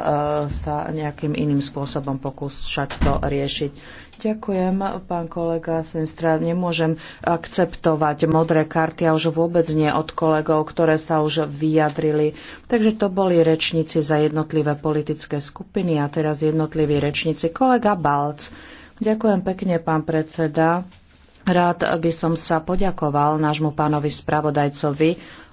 sa nejakým iným spôsobom pokúšať to riešiť. Ďakujem, pán kolega Sinstra. Nemôžem akceptovať modré karty a už vôbec nie od kolegov, ktoré sa už vyjadrili. Takže to boli rečníci za jednotlivé politické skupiny a teraz jednotliví rečníci. Kolega Balc. Ďakujem pekne, pán predseda. Rád by som sa poďakoval nášmu pánovi spravodajcovi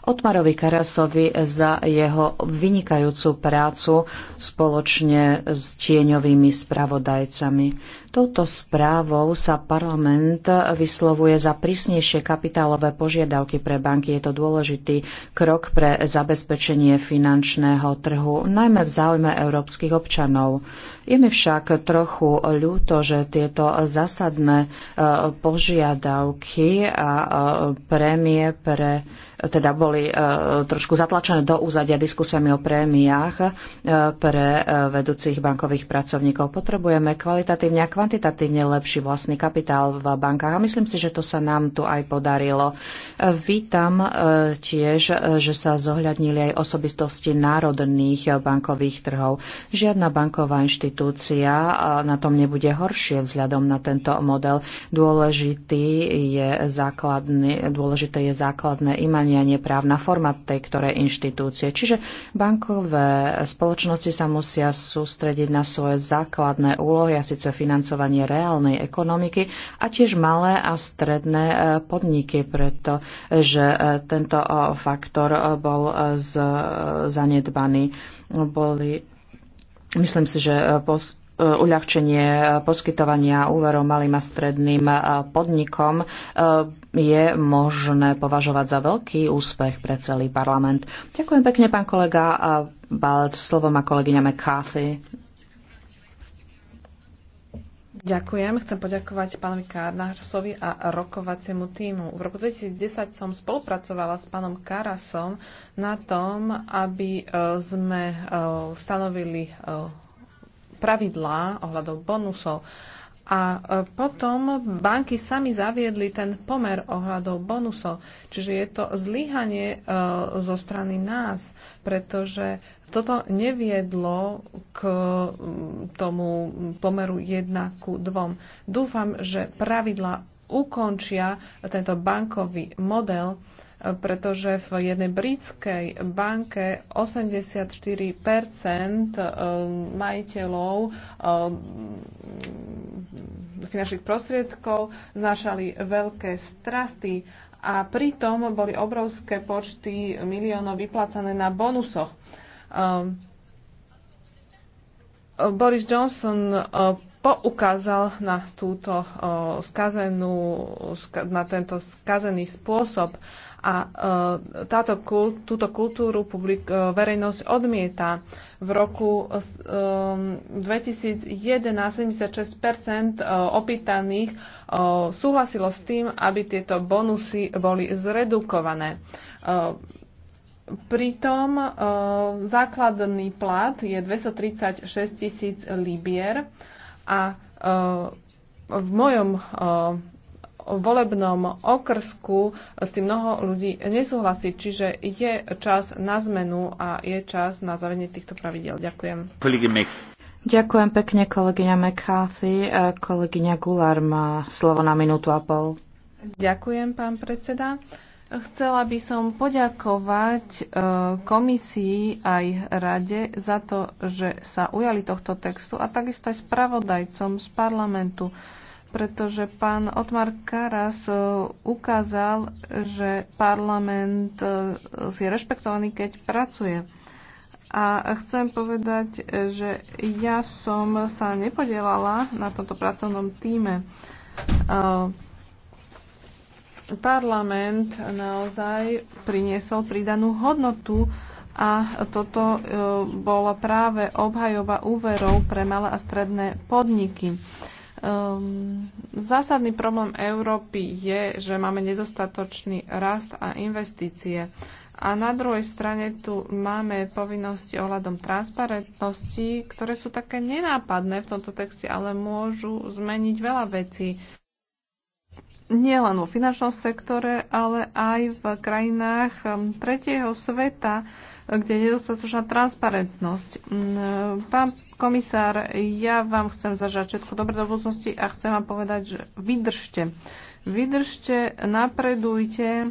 Otmarovi Karasovi za jeho vynikajúcu prácu spoločne s tieňovými spravodajcami. Touto správou sa parlament vyslovuje za prísnejšie kapitálové požiadavky pre banky. Je to dôležitý krok pre zabezpečenie finančného trhu, najmä v záujme európskych občanov. Je mi však trochu ľúto, že tieto zásadné e, požiadavky a e, prémie pre teda boli e, trošku zatlačené do úzadia diskusiami o prémiách e, pre e, vedúcich bankových pracovníkov. Potrebujeme kvalitatívne a kvantitatívne lepší vlastný kapitál v bankách a myslím si, že to sa nám tu aj podarilo. Vítam tiež, že sa zohľadnili aj osobistosti národných bankových trhov. Žiadna banková inštitúcia na tom nebude horšie vzhľadom na tento model. Dôležitý je základný, dôležité je základné imanie ani, ani právna forma tej ktorej inštitúcie. Čiže bankové spoločnosti sa musia sústrediť na svoje základné úlohy, a síce financovanie reálnej ekonomiky a tiež malé a stredné e, podniky, pretože e, tento e, faktor bol zanedbaný. Boli, myslím si, že pos- uľahčenie poskytovania úverov malým a stredným podnikom je možné považovať za veľký úspech pre celý parlament. Ďakujem pekne, pán kolega balec Slovo má kolegyňa McCarthy. Ďakujem. Chcem poďakovať pánovi Karnasovi a rokovaciemu týmu. V roku 2010 som spolupracovala s pánom Karasom na tom, aby e, sme e, stanovili e, pravidlá ohľadom bonusov a e, potom banky sami zaviedli ten pomer ohľadov bonusov. Čiže je to zlyhanie e, zo strany nás, pretože toto neviedlo k mm, tomu pomeru 1 ku 2. Dúfam, že pravidla ukončia tento bankový model pretože v jednej britskej banke 84 e, majiteľov e, finančných prostriedkov znašali veľké strasty a pritom boli obrovské počty miliónov vyplácané na bonusoch. E, Boris Johnson poukázal na túto skazenú, na tento skazený spôsob a e, táto kult, túto kultúru publik, e, verejnosť odmieta. V roku 2011 e, 76% opýtaných súhlasilo s tým, aby tieto bonusy boli zredukované. Pritom základný plat je 236 tisíc libier a v mojom volebnom okrsku s tým mnoho ľudí nesúhlasí, čiže je čas na zmenu a je čas na zavedenie týchto pravidel. Ďakujem. Ďakujem pekne kolegyňa McCarthy. E, kolegyňa Gulár má slovo na minútu a pol. Ďakujem, pán predseda. Chcela by som poďakovať e, komisii aj rade za to, že sa ujali tohto textu a takisto aj spravodajcom z parlamentu pretože pán Otmar Karas e, ukázal, že parlament e, je rešpektovaný, keď pracuje. A chcem povedať, e, že ja som sa nepodielala na tomto pracovnom týme. Parlament naozaj priniesol pridanú hodnotu a toto bola práve obhajoba úverov pre malé a stredné podniky. Um, zásadný problém Európy je, že máme nedostatočný rast a investície. A na druhej strane tu máme povinnosti ohľadom transparentnosti, ktoré sú také nenápadné v tomto texte, ale môžu zmeniť veľa vecí. Nie len vo finančnom sektore, ale aj v krajinách ehm, tretieho sveta, kde je nedostatočná transparentnosť. Ehm, pán komisár, ja vám chcem zažať všetko dobre do budúcnosti a chcem vám povedať, že vydržte. Vydržte, napredujte, e,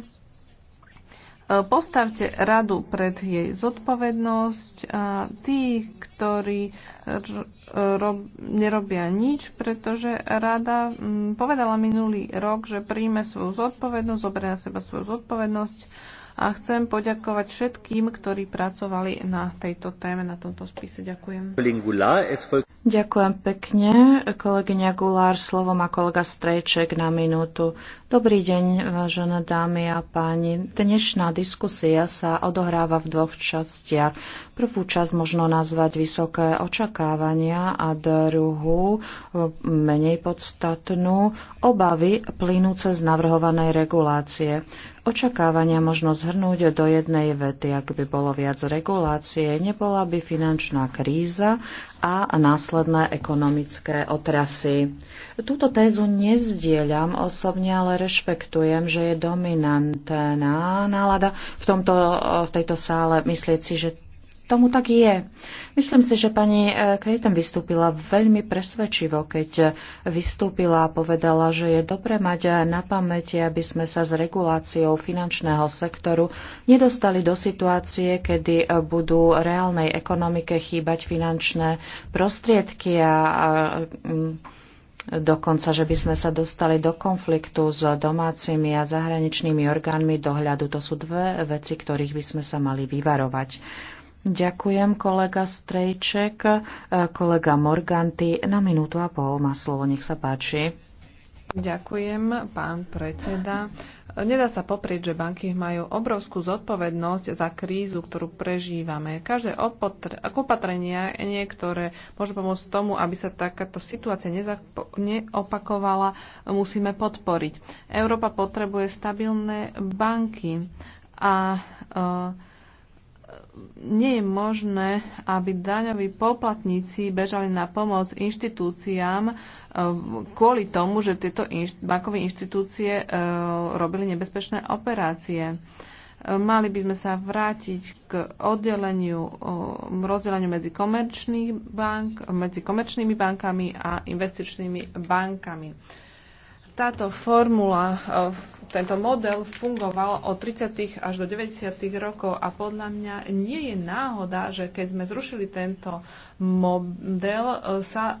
postavte radu pred jej zodpovednosť a tí, ktorí nerobia nič, pretože rada povedala minulý rok, že príjme svoju zodpovednosť, zoberie na seba svoju zodpovednosť a chcem poďakovať všetkým, ktorí pracovali na tejto téme, na tomto spise. Ďakujem. Ďakujem pekne. Kolegyňa Gulár, slovo má kolega Strejček na minútu. Dobrý deň, vážené dámy a páni. Dnešná diskusia sa odohráva v dvoch častiach. Prvú časť možno nazvať vysoké očakávania a druhú, menej podstatnú, obavy plynúce z navrhovanej regulácie očakávania možno zhrnúť do jednej vety. Ak by bolo viac regulácie, nebola by finančná kríza a následné ekonomické otrasy. Túto tézu nezdieľam osobne, ale rešpektujem, že je dominantná nálada v, tomto, v tejto sále myslieť si, že tomu tak je. Myslím si, že pani Krejten eh, vystúpila veľmi presvedčivo, keď eh, vystúpila a povedala, že je dobre mať eh, na pamäti, aby sme sa s reguláciou finančného sektoru nedostali do situácie, kedy budú reálnej ekonomike chýbať finančné prostriedky a, a mm, dokonca, že by sme sa dostali do konfliktu s domácimi a zahraničnými orgánmi dohľadu. To sú dve veci, ktorých by sme sa mali vyvarovať. Ďakujem kolega Strejček, e, kolega Morganti. Na minútu a pol má slovo, nech sa páči. Ďakujem, pán predseda. Nedá sa poprieť, že banky majú obrovskú zodpovednosť za krízu, ktorú prežívame. Každé opatrenia, niektoré môžu pomôcť tomu, aby sa takáto situácia neopakovala, musíme podporiť. Európa potrebuje stabilné banky a uh, nie je možné, aby daňoví poplatníci bežali na pomoc inštitúciám e, kvôli tomu, že tieto bankové inštitúcie e, robili nebezpečné operácie. E, mali by sme sa vrátiť k oddeleniu, rozdeleniu medzi, komerčný bank, medzi komerčnými bankami a investičnými bankami táto formula, e, tento model fungoval od 30. až do 90. rokov a podľa mňa nie je náhoda, že keď sme zrušili tento model, e, sa, e,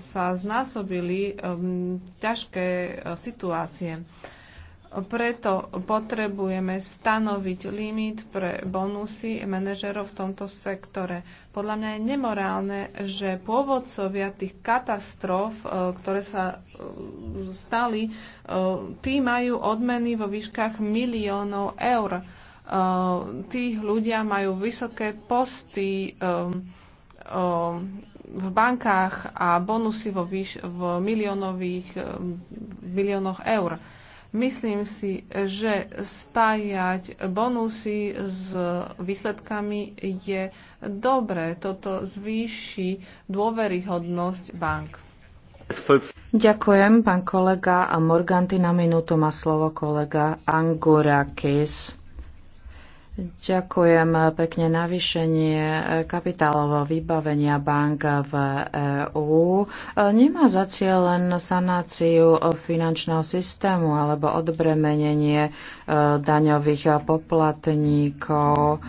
sa znásobili ťažké situácie. Preto potrebujeme stanoviť limit pre bonusy manažerov v tomto sektore. Podľa mňa je nemorálne, že pôvodcovia tých katastrof, e, ktoré sa e, stali, e, tí majú odmeny vo výškach miliónov eur. Tí ľudia majú vysoké posty v bankách a bonusy vo, výš- v miliónových, miliónoch eur Myslím si, že spájať bonusy s výsledkami je dobré. Toto zvýši dôveryhodnosť bank. Ďakujem, pán kolega. A Morganty na minútu má slovo kolega Kiss. Ďakujem pekne. Navýšenie kapitálového vybavenia bank v EÚ e, nemá za cieľ len sanáciu finančného systému alebo odbremenenie e, daňových poplatníkov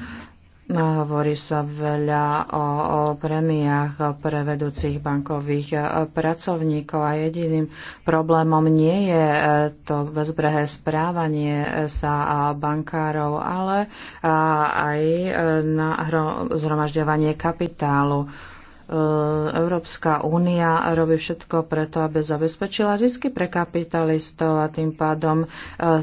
No, hovorí sa veľa o, o premiách pre vedúcich bankových e, pracovníkov a jediným problémom nie je e, to bezbrehé správanie sa e, bankárov, ale aj na zhromažďovanie kapitálu. E, Európska únia robí všetko preto, aby zabezpečila zisky pre kapitalistov a tým pádom e,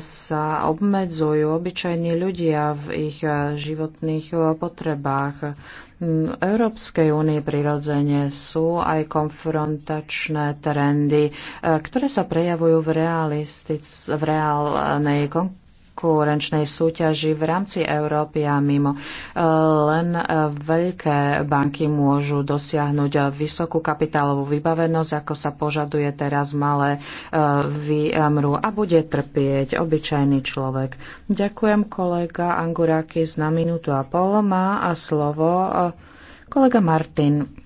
sa obmedzujú obyčajní ľudia v ich e, životných potrebách. Mm, v Európskej únii prirodzene sú aj konfrontačné trendy, ktoré sa prejavujú v, v reálnej konkurencii konkurenčnej súťaži v rámci Európy a mimo. E, len e, veľké banky môžu dosiahnuť vysokú kapitálovú vybavenosť, ako sa požaduje teraz malé e, výmru a bude trpieť obyčajný človek. Ďakujem kolega Angurakis na minútu a pol má a slovo kolega Martin.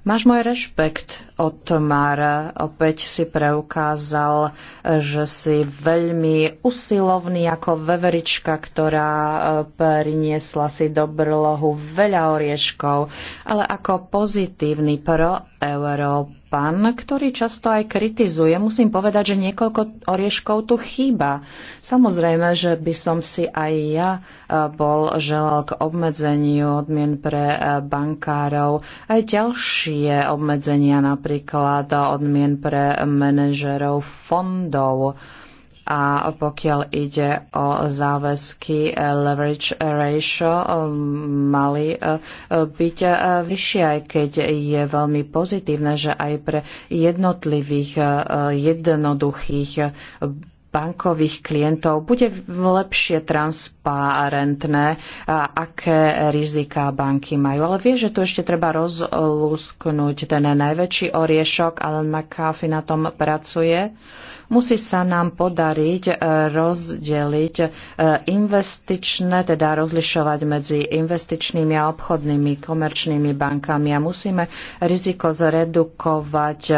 Máš môj rešpekt, Otmar. Opäť si preukázal, že si veľmi usilovný ako veverička, ktorá eh, priniesla si do brlohu veľa orieškov, ale ako pozitívny, pro Európan, ktorý často aj kritizuje. Musím povedať, že niekoľko orieškov tu chýba. Samozrejme, že by som si aj ja e, bol želal k obmedzeniu odmien pre e, bankárov, aj ďalšie obmedzenia, napríklad odmien pre manažerov fondov a pokiaľ ide o záväzky eh, leverage ratio, eh, mali eh, byť vyššie, aj keď je veľmi pozitívne, že aj pre jednotlivých, jednoduchých bankových klientov bude lepšie transparentné, aké riziká banky majú. Ale vie, že tu ešte treba rozlúsknuť ten najväčší oriešok. Alan McAfee na tom pracuje. Musí sa nám podariť e, rozdeliť e, investičné, teda rozlišovať medzi investičnými a obchodnými komerčnými bankami a musíme riziko zredukovať e,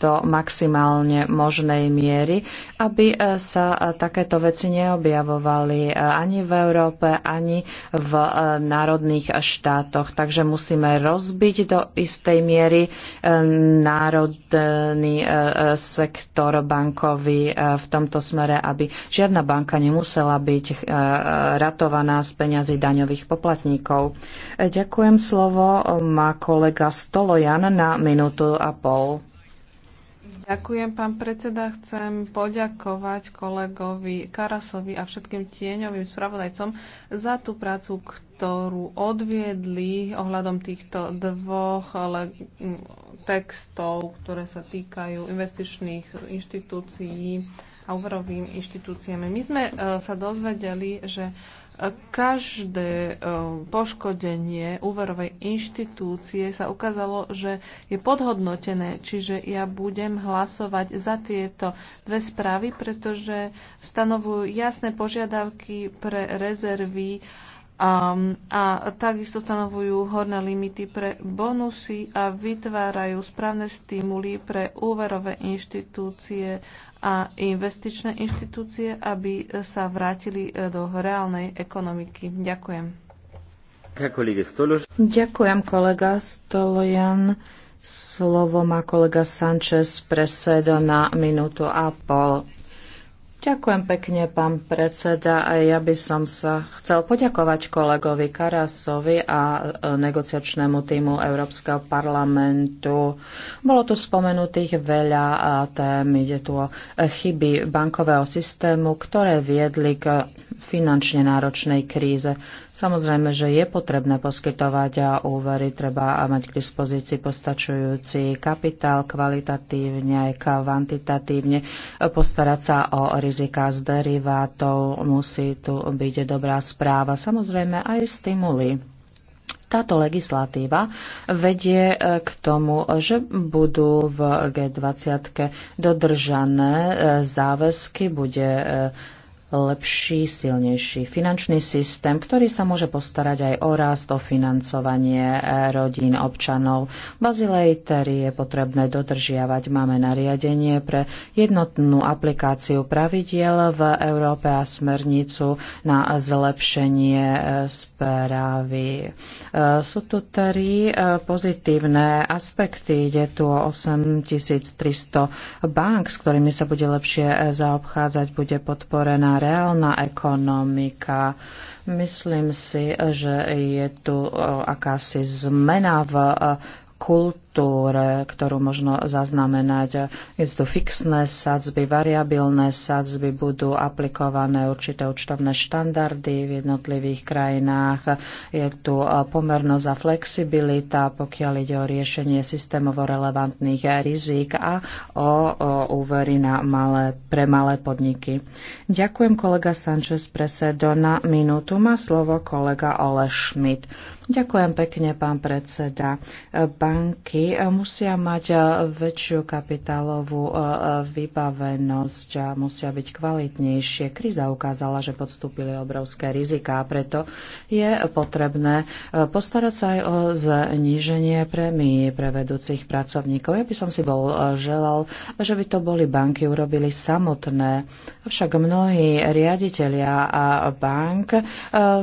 do maximálne možnej miery, aby e, sa e, takéto veci neobjavovali e, ani v Európe, ani v národných štátoch. Takže musíme rozbiť do istej miery národný sektor bankový v tomto smere, aby žiadna banka nemusela byť ratovaná z peňazí daňových poplatníkov. Ďakujem slovo má kolega Stolojan na minútu a pol. Ďakujem, pán predseda. Chcem poďakovať kolegovi Karasovi a všetkým tieňovým spravodajcom za tú prácu, ktorú odviedli ohľadom týchto dvoch textov, ktoré sa týkajú investičných inštitúcií a úverovým inštitúciami. My sme e, sa dozvedeli, že Každé e, poškodenie úverovej inštitúcie sa ukázalo, že je podhodnotené, čiže ja budem hlasovať za tieto dve správy, pretože stanovujú jasné požiadavky pre rezervy a, um, a takisto stanovujú horné limity pre bonusy a vytvárajú správne stimuly pre úverové inštitúcie a investičné inštitúcie, aby sa vrátili e, do reálnej ekonomiky. Ďakujem. Ďakujem, kolega Stolojan. Slovo má kolega Sanchez presedo na minútu a pol. Ďakujem pekne, pán predseda. A ja by som sa chcel poďakovať kolegovi Karasovi a e, negociačnému týmu Európskeho parlamentu. Bolo tu spomenutých veľa e, tém. Ide tu o e, chyby bankového systému, ktoré viedli k finančne náročnej kríze. Samozrejme, že je potrebné poskytovať a úvery, treba mať k dispozícii postačujúci kapitál kvalitatívne aj kvantitatívne, postarať sa o riz- rizika z derivátov, musí tu byť dobrá správa, samozrejme aj stimuly. Táto legislatíva vedie eh, k tomu, že budú v G20 dodržané eh, záväzky, bude eh, lepší, silnejší finančný systém, ktorý sa môže postarať aj o rast, o financovanie eh, rodín, občanov. Bazilej, ktorý je potrebné dodržiavať, máme nariadenie pre jednotnú aplikáciu pravidiel v Európe a smernicu na zlepšenie eh, správy. Eh, sú tu tri pozitívne aspekty. Ide tu o 8300 bank, s ktorými sa bude lepšie zaobchádzať, bude podporená reálna ekonomika. Myslím si, že je tu eh, akási zmena v eh, kultúre štruktúre, ktorú možno zaznamenať. Je to fixné sadzby, variabilné sadzby, budú aplikované určité účtovné štandardy v jednotlivých krajinách. Je tu eh, pomernosť a flexibilita, pokiaľ ide o riešenie systémovo relevantných rizík a o, o úvery na malé, pre malé podniky. Ďakujem kolega Sanchez Presedo. Na minútu má slovo kolega Ole Schmidt. Ďakujem pekne, pán predseda. Banky Eh, musia mať eh, väčšiu kapitálovú eh, vybavenosť a musia byť kvalitnejšie. Kríza ukázala, že podstúpili obrovské rizika a preto je potrebné postarať sa aj o zníženie prémií pre vedúcich pracovníkov. Ja by som si bol želal, že by to boli banky urobili samotné. Avšak mnohí riaditeľia a bank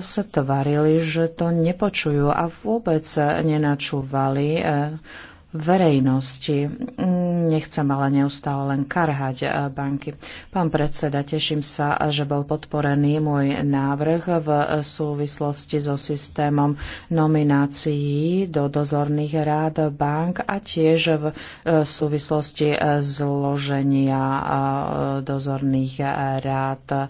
sa tvarili, že to nepočujú a vôbec nenačúvali verejnosti. Nechcem ale neustále len karhať eh, banky. Pán predseda, teším sa, že bol podporený môj návrh v súvislosti so systémom nominácií do dozorných rád bank a tiež v eh, súvislosti eh, zloženia dozorných rád.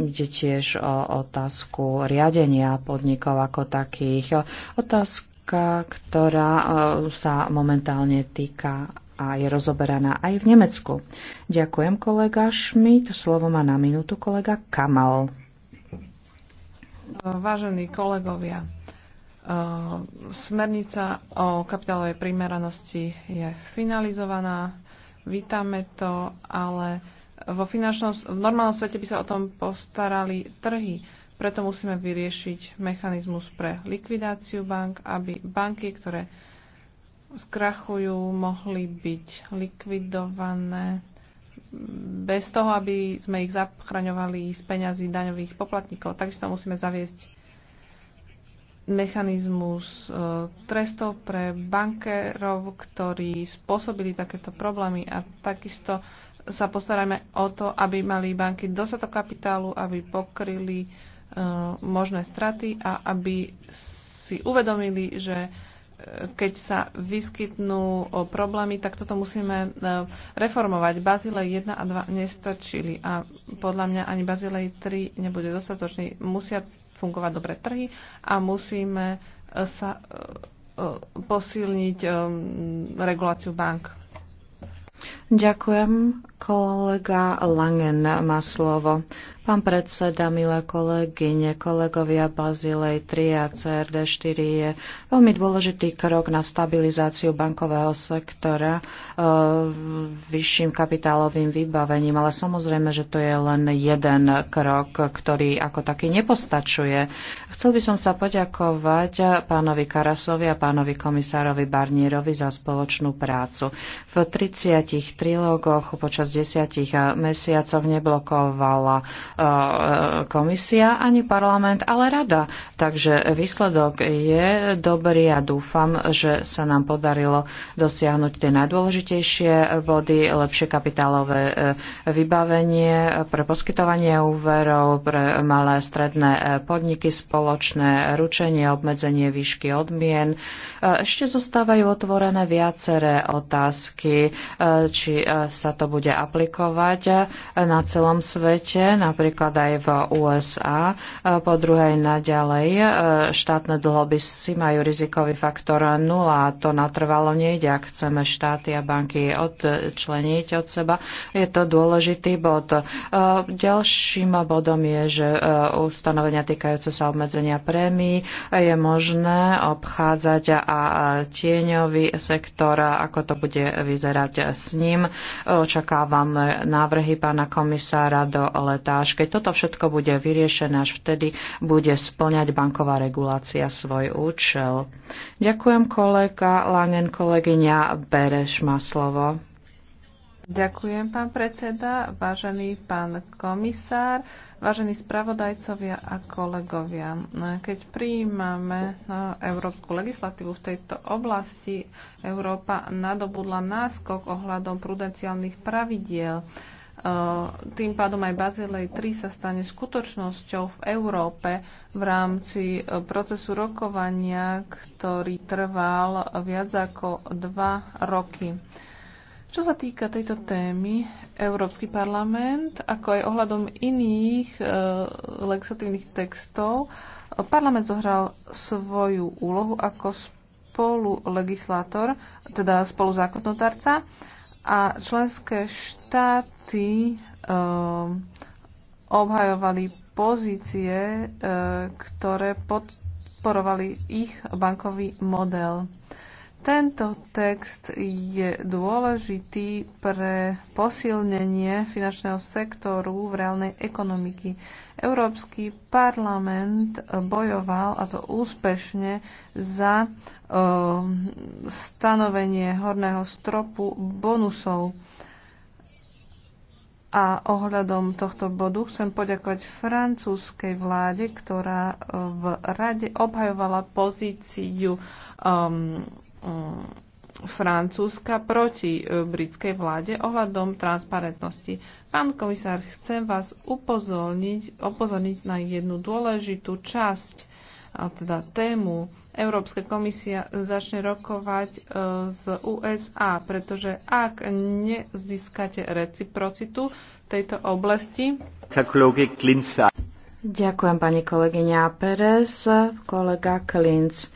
Ide tiež o otázku riadenia podnikov ako takých. Otázka otázka, ktorá e, sa momentálne týka a je rozoberaná aj v Nemecku. Ďakujem, kolega Schmidt. Slovo má na minútu kolega Kamal. Vážení kolegovia, e, smernica o kapitálovej primeranosti je finalizovaná. Vítame to, ale vo finančnom, v normálnom svete by sa o tom postarali trhy preto musíme vyriešiť mechanizmus pre likvidáciu bank, aby banky, ktoré skrachujú, mohli byť likvidované bez toho, aby sme ich zachraňovali z peňazí daňových poplatníkov. Takisto musíme zaviesť mechanizmus e, trestov pre bankérov, ktorí spôsobili takéto problémy a takisto sa postarajme o to, aby mali banky dostatok kapitálu, aby pokryli Eh, možné straty a aby si uvedomili, že eh, keď sa vyskytnú eh, problémy, tak toto musíme reformovať. Bazilej 1 a 2 nestačili a podľa mňa ani Bazilej 3 nebude dostatočný. Musia fungovať dobre trhy a musíme sa posilniť reguláciu bank. Ďakujem. Kolega Langen má slovo. Pán predseda, milé kolegyne, kolegovia, Bazilej 3 a CRD 4 je veľmi dôležitý krok na stabilizáciu bankového sektora e, vyšším kapitálovým vybavením, ale samozrejme, že to je len jeden krok, ktorý ako taký nepostačuje. Chcel by som sa poďakovať pánovi Karasovi a pánovi komisárovi Barnierovi za spoločnú prácu. V 30 trilógoch počas 10 mesiacoch neblokovala E, komisia, ani parlament, ale rada. Takže výsledok je dobrý a dúfam, že sa nám podarilo dosiahnuť tie najdôležitejšie body, lepšie kapitálové e, vybavenie pre poskytovanie úverov, pre malé stredné e, podniky, spoločné ručenie, obmedzenie výšky odmien. Ešte zostávajú otvorené viaceré otázky, či sa to bude aplikovať na celom svete, napríklad napríklad aj v USA. Po druhej naďalej e, štátne dlhopisy majú rizikový faktor 0 a to natrvalo nejde, ak chceme štáty a banky odčleniť od seba. Je to dôležitý bod. E, ďalším bodom je, že e, ustanovenia týkajúce sa obmedzenia prémií je možné obchádzať a tieňový sektor, ako to bude vyzerať s ním. Očakávam návrhy pána komisára do letáž až keď toto všetko bude vyriešené, až vtedy bude splňať banková regulácia svoj účel. Ďakujem kolega Langen, kolegyňa Bereš má slovo. Ďakujem, pán predseda, vážený pán komisár, vážení spravodajcovia a kolegovia. Keď prijímame no, európsku legislatívu v tejto oblasti, Európa nadobudla náskok ohľadom prudenciálnych pravidiel. Eh, tým pádom aj Bazilej 3 sa stane skutočnosťou v Európe v rámci eh, procesu rokovania, ktorý trval viac ako dva roky. Čo sa týka tejto témy, Európsky parlament, ako aj ohľadom iných e, legislatívnych textov, parlament zohral svoju úlohu ako spolulegislátor, teda spoluzákonodarca a členské štáty um, obhajovali pozície, um, ktoré podporovali ich bankový model. Tento text je dôležitý pre posilnenie finančného sektoru v reálnej ekonomiky. Európsky parlament bojoval, a to úspešne, za eh, stanovenie horného stropu bonusov. A ohľadom tohto bodu chcem poďakovať francúzskej vláde, ktorá eh, v rade obhajovala pozíciu um, um, Francúzska proti e, britskej vláde ohľadom transparentnosti. Pán komisár, chcem vás upozorniť, upozorniť na jednu dôležitú časť a teda tému, Európska komisia začne rokovať e, z USA, pretože ak nezískate reciprocitu tejto oblasti. Ďakujem pani kolegyňa Pérez, kolega Klinc.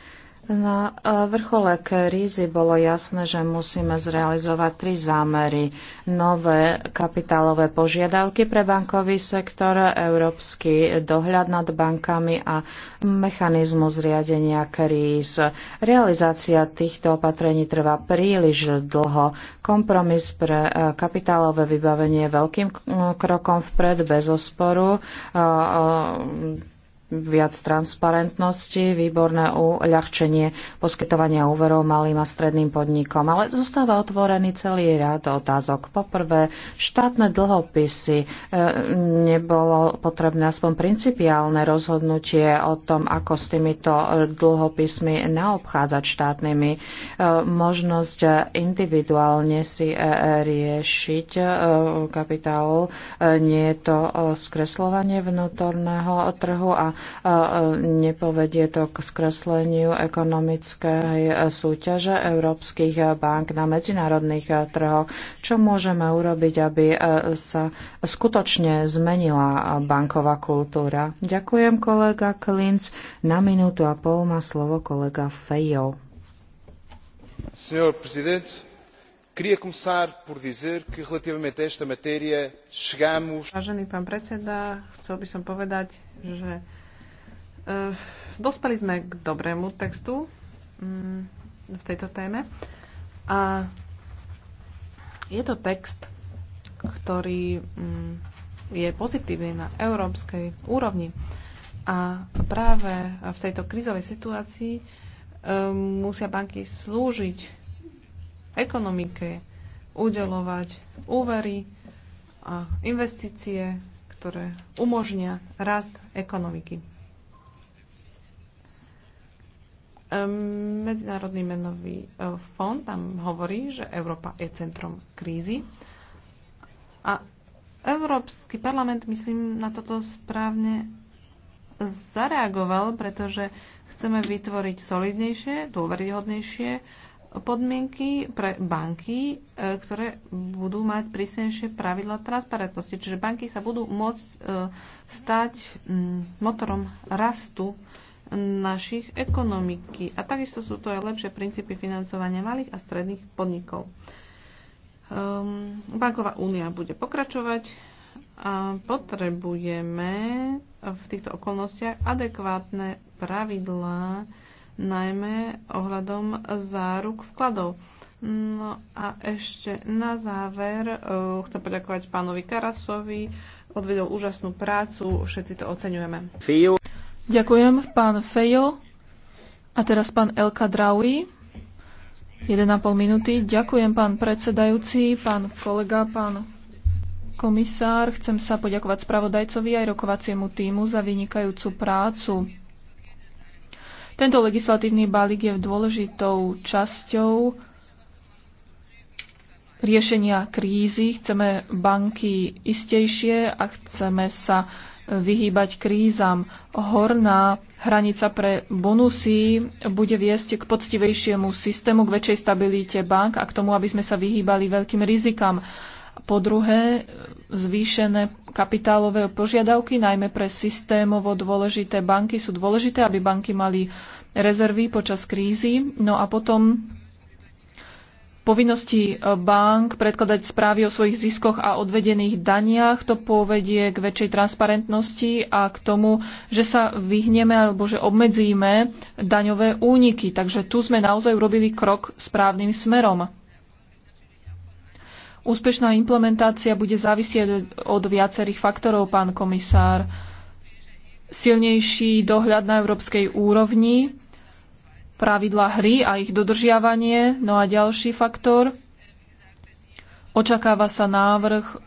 Na e, vrchole krízy bolo jasné, že musíme zrealizovať tri zámery. Nové kapitálové požiadavky pre bankový sektor, európsky dohľad nad bankami a mechanizmus riadenia kríz. Realizácia týchto opatrení trvá príliš dlho. Kompromis pre e, kapitálové vybavenie je veľkým e, krokom vpred bez osporu viac transparentnosti, výborné uľahčenie poskytovania úverov malým a stredným podnikom. Ale zostáva otvorený celý rád otázok. Poprvé, štátne dlhopisy. E, nebolo potrebné aspoň principiálne rozhodnutie o tom, ako s týmito dlhopismi naobchádzať štátnymi. E, možnosť individuálne si e, riešiť kapitál. Nie je to skreslovanie vnútorného trhu a nepovedie to k skresleniu ekonomickej súťaže európskych bank na medzinárodných trhoch. Čo môžeme urobiť, aby e, sa skutočne zmenila banková kultúra? Ďakujem kolega Klinc. Na minútu a pol má slovo kolega Fejo. Senhor Presidente, Queria começar por dizer que relativamente a esta matéria chegamos. Vážený pán predseda, chcel by som povedať, že Eh, dospeli sme k dobrému textu mm, v tejto téme a je to text, ktorý mm, je pozitívny na európskej úrovni a práve v tejto krizovej situácii eh, musia banky slúžiť ekonomike, udelovať úvery a investície, ktoré umožnia rast ekonomiky. Medzinárodný menový e, fond tam hovorí, že Európa je centrom krízy. A Európsky parlament, myslím, na toto správne zareagoval, pretože chceme vytvoriť solidnejšie, dôveryhodnejšie podmienky pre banky, e, ktoré budú mať prísnejšie pravidla transparentnosti. Čiže banky sa budú môcť e, stať mm, motorom rastu našich ekonomiky. A takisto sú to aj lepšie princípy financovania malých a stredných podnikov. Um, banková únia bude pokračovať a potrebujeme v týchto okolnostiach adekvátne pravidlá, najmä ohľadom záruk vkladov. No a ešte na záver uh, chcem poďakovať pánovi Karasovi, odvedol úžasnú prácu, všetci to oceňujeme. Fiu. Ďakujem, pán Fejo. A teraz pán Elka Draui. 1,5 minúty. Ďakujem, pán predsedajúci, pán kolega, pán komisár. Chcem sa poďakovať spravodajcovi aj rokovaciemu týmu za vynikajúcu prácu. Tento legislatívny balík je dôležitou časťou riešenia krízy, chceme banky istejšie a chceme sa vyhýbať krízam. Horná hranica pre bonusy bude viesť k poctivejšiemu systému, k väčšej stabilite bank a k tomu, aby sme sa vyhýbali veľkým rizikám. Po druhé, zvýšené kapitálové požiadavky, najmä pre systémovo dôležité banky, sú dôležité, aby banky mali rezervy počas krízy. No a potom povinnosti e, bank predkladať správy o svojich ziskoch a odvedených daniach. To povedie k väčšej transparentnosti a k tomu, že sa vyhneme alebo že obmedzíme daňové úniky. Takže tu sme naozaj urobili krok správnym smerom. Úspešná implementácia bude závisieť od viacerých faktorov, pán komisár. Silnejší dohľad na európskej úrovni, pravidla hry a ich dodržiavanie. No a ďalší faktor. Očakáva sa návrh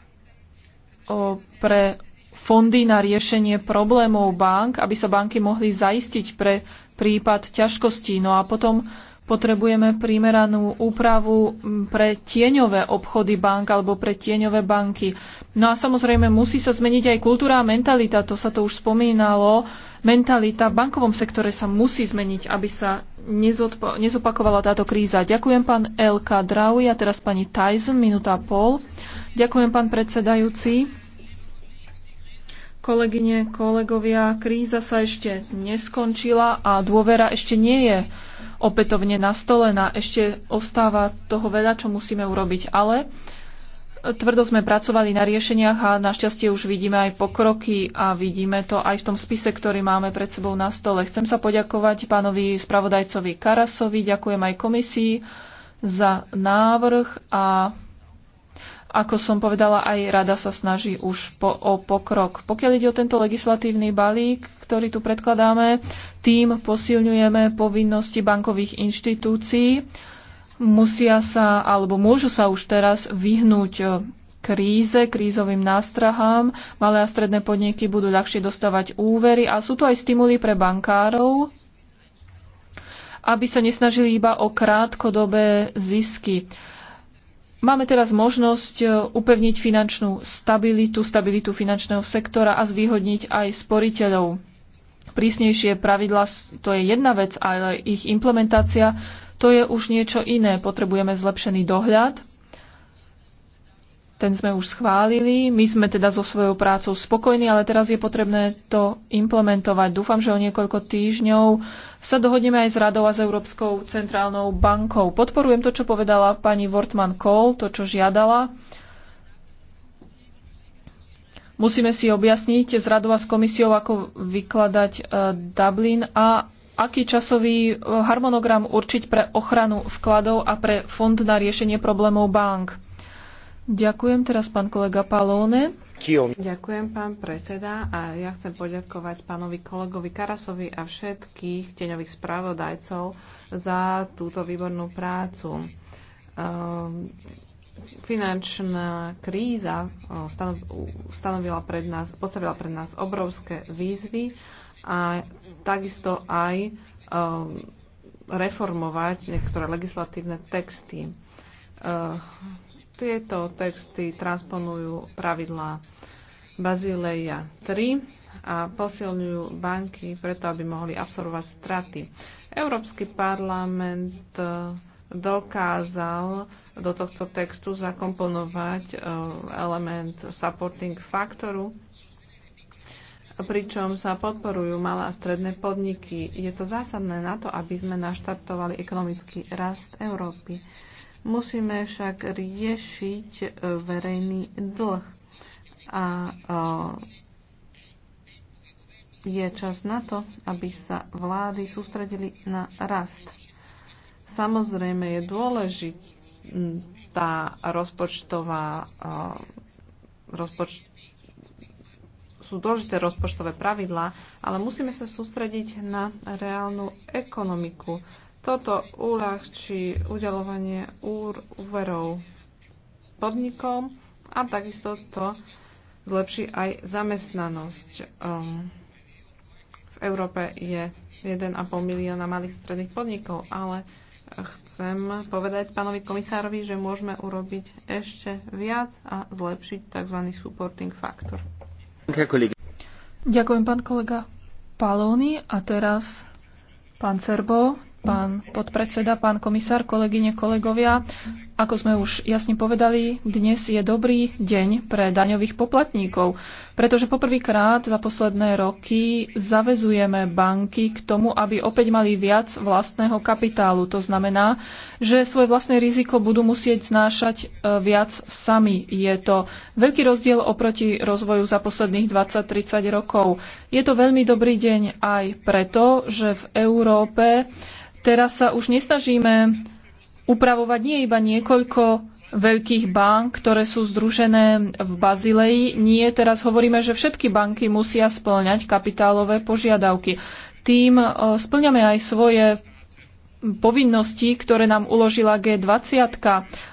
pre fondy na riešenie problémov bank, aby sa banky mohli zaistiť pre prípad ťažkostí. No a potom potrebujeme primeranú úpravu pre tieňové obchody bank alebo pre tieňové banky. No a samozrejme musí sa zmeniť aj kultúra a mentalita, to sa to už spomínalo mentalita v bankovom sektore sa musí zmeniť, aby sa nezopakovala táto kríza. Ďakujem pán Elka Draui a teraz pani Tyson, minúta a pol. Ďakujem pán predsedajúci. Kolegyne, kolegovia, kríza sa ešte neskončila a dôvera ešte nie je opätovne nastolená. Ešte ostáva toho veľa, čo musíme urobiť. Ale Tvrdo sme pracovali na riešeniach a našťastie už vidíme aj pokroky a vidíme to aj v tom spise, ktorý máme pred sebou na stole. Chcem sa poďakovať pánovi spravodajcovi Karasovi, ďakujem aj komisii za návrh a ako som povedala, aj rada sa snaží už po, o pokrok. Pokiaľ ide o tento legislatívny balík, ktorý tu predkladáme, tým posilňujeme povinnosti bankových inštitúcií musia sa alebo môžu sa už teraz vyhnúť e, kríze, krízovým nástrahám. Malé a stredné podniky budú ľahšie dostávať úvery a sú tu aj stimuly pre bankárov, aby sa nesnažili iba o krátkodobé zisky. Máme teraz možnosť e, upevniť finančnú stabilitu, stabilitu finančného sektora a zvýhodniť aj sporiteľov. Prísnejšie pravidla to je jedna vec, ale ich implementácia to je už niečo iné. Potrebujeme zlepšený dohľad. Ten sme už schválili. My sme teda so svojou prácou spokojní, ale teraz je potrebné to implementovať. Dúfam, že o niekoľko týždňov sa dohodneme aj s Radou a s Európskou centrálnou bankou. Podporujem to, čo povedala pani Wortman Kohl, to, čo žiadala. Musíme si objasniť s radou a s komisiou, ako vykladať eh, Dublin a aký časový e, harmonogram určiť pre ochranu vkladov a pre fond na riešenie problémov bank. Ďakujem teraz pán kolega Palóne. Ďakujem pán predseda a ja chcem poďakovať pánovi kolegovi Karasovi a všetkých teňových spravodajcov za túto výbornú prácu. Um, finančná kríza stanovila pred nás, postavila pred nás obrovské výzvy a takisto aj um, reformovať niektoré legislatívne texty. Uh, tieto texty transponujú pravidlá Bazileja 3 a posilňujú banky preto, aby mohli absorbovať straty. Európsky parlament uh, dokázal do tohto textu zakomponovať uh, element supporting faktoru, pričom sa podporujú malé a stredné podniky. Je to zásadné na to, aby sme naštartovali ekonomický rast Európy. Musíme však riešiť e, verejný dlh. A e, je čas na to, aby sa vlády sústredili na rast. Samozrejme je dôležitá rozpočtová e, rozpočtová sú dôležité rozpočtové pravidlá, ale musíme sa sústrediť na reálnu ekonomiku. Toto uľahčí udelovanie úverov podnikom a takisto to zlepší aj zamestnanosť. Um, v Európe je 1,5 milióna malých stredných podnikov, ale chcem povedať pánovi komisárovi, že môžeme urobiť ešte viac a zlepšiť tzv. supporting faktor. Ďakujem, pán kolega Palóny. A teraz pán Cerbo, pán podpredseda, pán komisár, kolegyne, kolegovia. Ako sme už jasne povedali, dnes je dobrý deň pre daňových poplatníkov, pretože poprvýkrát za posledné roky zavezujeme banky k tomu, aby opäť mali viac vlastného kapitálu. To znamená, že svoje vlastné riziko budú musieť znášať e, viac sami. Je to veľký rozdiel oproti rozvoju za posledných 20-30 rokov. Je to veľmi dobrý deň aj preto, že v Európe Teraz sa už nesnažíme upravovať nie iba niekoľko veľkých bank, ktoré sú združené v Bazileji. Nie, teraz hovoríme, že všetky banky musia splňať kapitálové požiadavky. Tým e, splňame aj svoje povinnosti, ktoré nám uložila G20.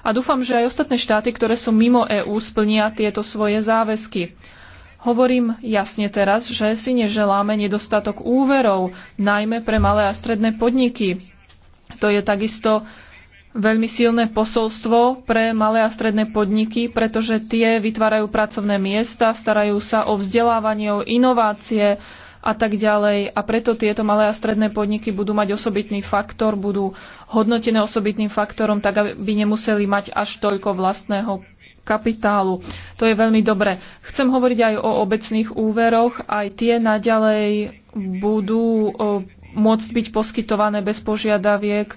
A dúfam, že aj ostatné štáty, ktoré sú mimo EÚ, splnia tieto svoje záväzky. Hovorím jasne teraz, že si neželáme nedostatok úverov, najmä pre malé a stredné podniky. To je takisto veľmi silné posolstvo pre malé a stredné podniky, pretože tie vytvárajú pracovné miesta, starajú sa o vzdelávanie, o inovácie a tak ďalej. A preto tieto malé a stredné podniky budú mať osobitný faktor, budú hodnotené osobitným faktorom, tak aby nemuseli mať až toľko vlastného kapitálu. To je veľmi dobre. Chcem hovoriť aj o obecných úveroch. Aj tie naďalej budú môcť byť poskytované bez požiadaviek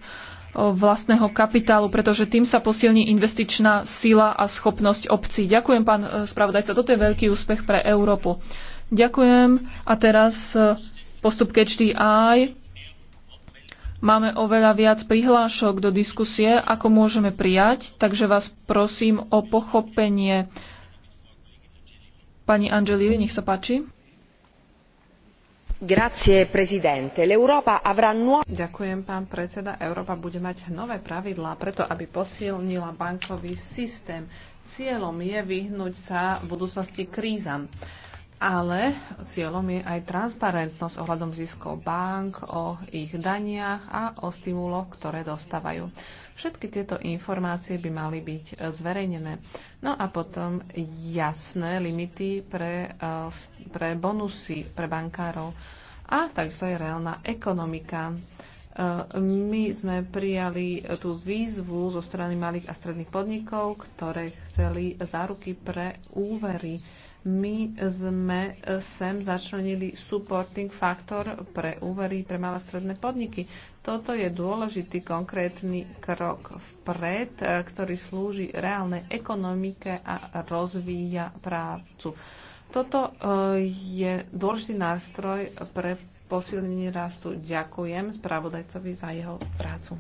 vlastného kapitálu, pretože tým sa posilní investičná sila a schopnosť obcí. Ďakujem, pán e, spravodajca. Toto je veľký úspech pre Európu. Ďakujem. A teraz e, postup HDI. Máme oveľa viac prihlášok do diskusie, ako môžeme prijať, takže vás prosím o pochopenie. Pani Angeli, nech sa páči. Grazie, prezidente. L'Europa avrà nuovo... Ďakujem, pán predseda. Európa bude mať nové pravidlá, preto aby posilnila bankový systém. Cieľom je vyhnúť sa v budúcnosti krízam ale cieľom je aj transparentnosť ohľadom ziskov bank, o ich daniach a o stimuloch, ktoré dostávajú. Všetky tieto informácie by mali byť zverejnené. No a potom jasné limity pre, eh, pre bonusy pre bankárov a takisto aj reálna ekonomika. Eh, my sme prijali tú výzvu zo strany malých a stredných podnikov, ktoré chceli záruky pre úvery my sme sem začlenili supporting faktor pre úvery pre malé stredné podniky. Toto je dôležitý konkrétny krok vpred, eh, ktorý slúži reálnej ekonomike a rozvíja prácu. Toto eh, je dôležitý nástroj pre posilnenie rastu. Ďakujem spravodajcovi za jeho prácu.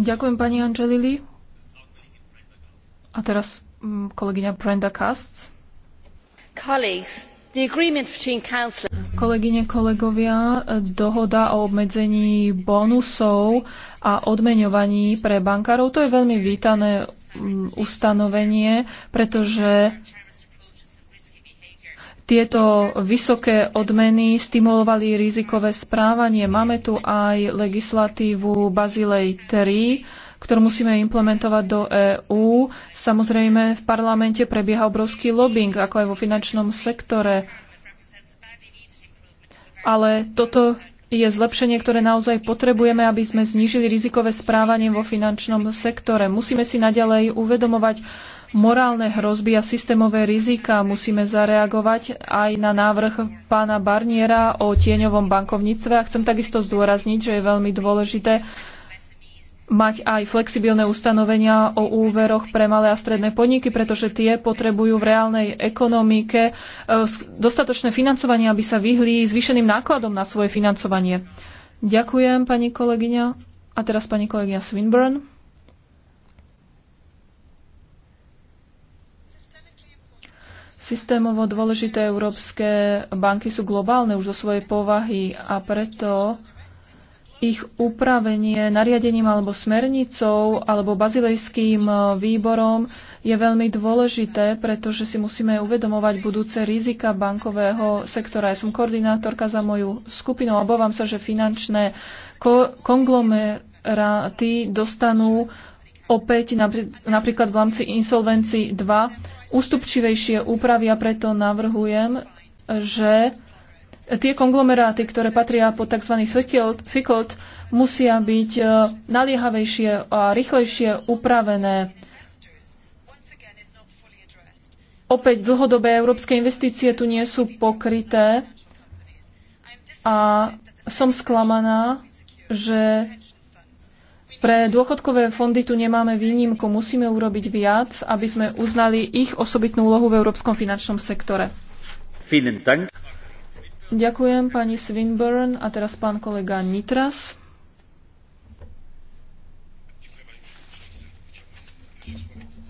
Ďakujem pani Angelili. A teraz Mm, Kolegyne, kolegovia, dohoda o obmedzení bonusov a odmeňovaní pre bankárov, to je veľmi vítané mm, ustanovenie, pretože tieto vysoké odmeny stimulovali rizikové správanie. Máme tu aj legislatívu Bazilej 3, ktorú musíme implementovať do EÚ. Samozrejme, v parlamente prebieha obrovský lobbying, ako aj vo finančnom sektore. Ale toto je zlepšenie, ktoré naozaj potrebujeme, aby sme znížili rizikové správanie vo finančnom sektore. Musíme si naďalej uvedomovať morálne hrozby a systémové rizika. Musíme zareagovať aj na návrh pána Barniera o tieňovom bankovníctve a chcem takisto zdôrazniť, že je veľmi dôležité mať aj flexibilné ustanovenia o úveroch pre malé a stredné podniky, pretože tie potrebujú v reálnej ekonomike e, dostatočné financovanie, aby sa vyhli zvýšeným nákladom na svoje financovanie. Ďakujem, pani kolegyňa. A teraz pani kolegyňa Swinburne. Systémovo dôležité európske banky sú globálne už zo svojej povahy a preto ich upravenie nariadením alebo smernicou alebo bazilejským e, výborom je veľmi dôležité, pretože si musíme uvedomovať budúce rizika bankového sektora. Ja som koordinátorka za moju skupinu a obávam sa, že finančné ko- konglomeráty dostanú opäť napríklad v rámci insolvencii 2 ústupčivejšie úpravy a preto navrhujem, že tie konglomeráty, ktoré patria pod tzv. FICOT, musia byť e, naliehavejšie a rýchlejšie upravené. Opäť dlhodobé európske investície tu nie sú pokryté a som sklamaná, že pre dôchodkové fondy tu nemáme výnimku. Musíme urobiť viac, aby sme uznali ich osobitnú úlohu v európskom finančnom sektore. Vielen Dank. Ďakujem pani Swinburne a teraz pán kolega Nitras.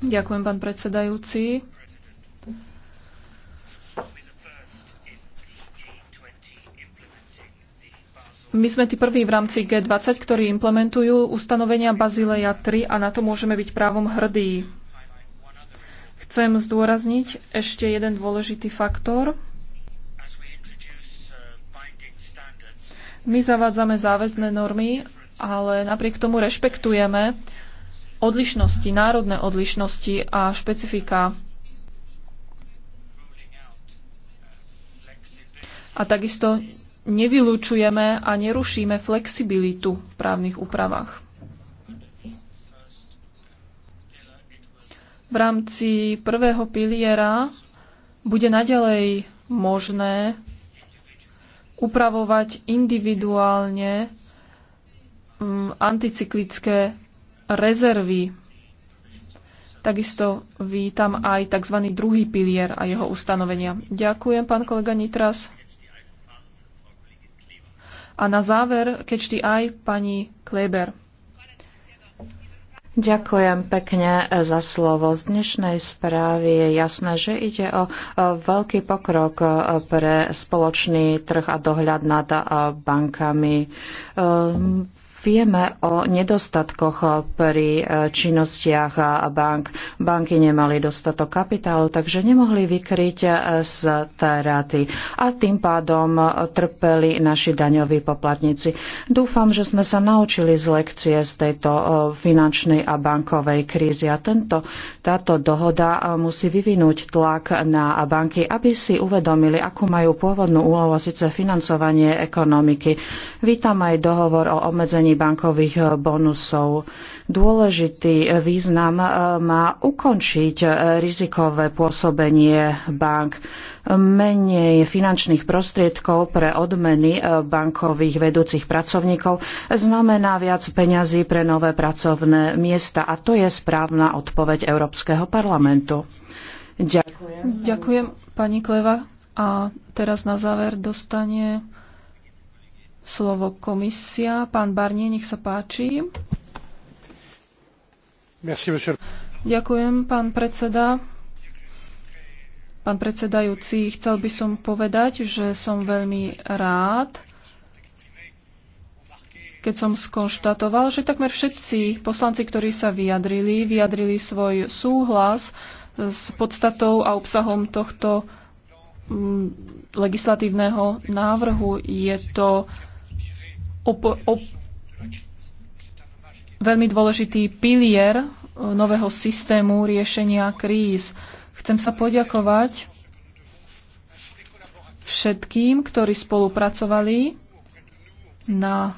Ďakujem, pán predsedajúci. My sme tí prví v rámci G20, ktorí implementujú ustanovenia Bazileja 3 a na to môžeme byť právom hrdí. Chcem zdôrazniť ešte jeden dôležitý faktor – My zavádzame záväzné normy, ale napriek tomu rešpektujeme odlišnosti, národné odlišnosti a špecifika. A takisto nevylúčujeme a nerušíme flexibilitu v právnych úpravách. V rámci prvého piliera bude naďalej možné upravovať individuálne mm, anticyklické rezervy. Takisto vítam aj tzv. druhý pilier a jeho ustanovenia. Ďakujem, pán kolega Nitras. A na záver, keď aj pani Kleber. Ďakujem pekne za slovo. Z dnešnej správy je jasné, že ide o veľký pokrok pre spoločný trh a dohľad nad bankami. Ehm, Vieme o nedostatkoch pri e, činnostiach bank. Banky nemali dostatok kapitálu, takže nemohli vykryť z e, ráty. a tým pádom e, trpeli naši daňoví poplatníci. Dúfam, že sme sa naučili z lekcie z tejto finančnej a bankovej krízy a tento, táto dohoda musí vyvinúť tlak na banky, aby si uvedomili, akú majú pôvodnú úlohu, a síce financovanie ekonomiky. Vítam aj dohovor o obmedzení zvýšení bankových eh, bonusov. Dôležitý eh, význam eh, má ukončiť rizikové pôsobenie bank menej finančných prostriedkov pre odmeny bankových vedúcich pracovníkov znamená viac peňazí pre nové pracovné miesta a to je správna odpoveď Európskeho parlamentu. Ďakujem. Ďakujem pani Kleva. A teraz na záver dostane slovo komisia. Pán Barnier, nech sa páči. Merci, Ďakujem, pán predseda. Pán predsedajúci, chcel by som povedať, že som veľmi rád, keď som skonštatoval, že takmer všetci poslanci, ktorí sa vyjadrili, vyjadrili svoj súhlas s podstatou a obsahom tohto mm, legislatívneho návrhu. Je to op- op- veľmi dôležitý pilier e, nového systému riešenia kríz. Chcem sa poďakovať všetkým, ktorí spolupracovali na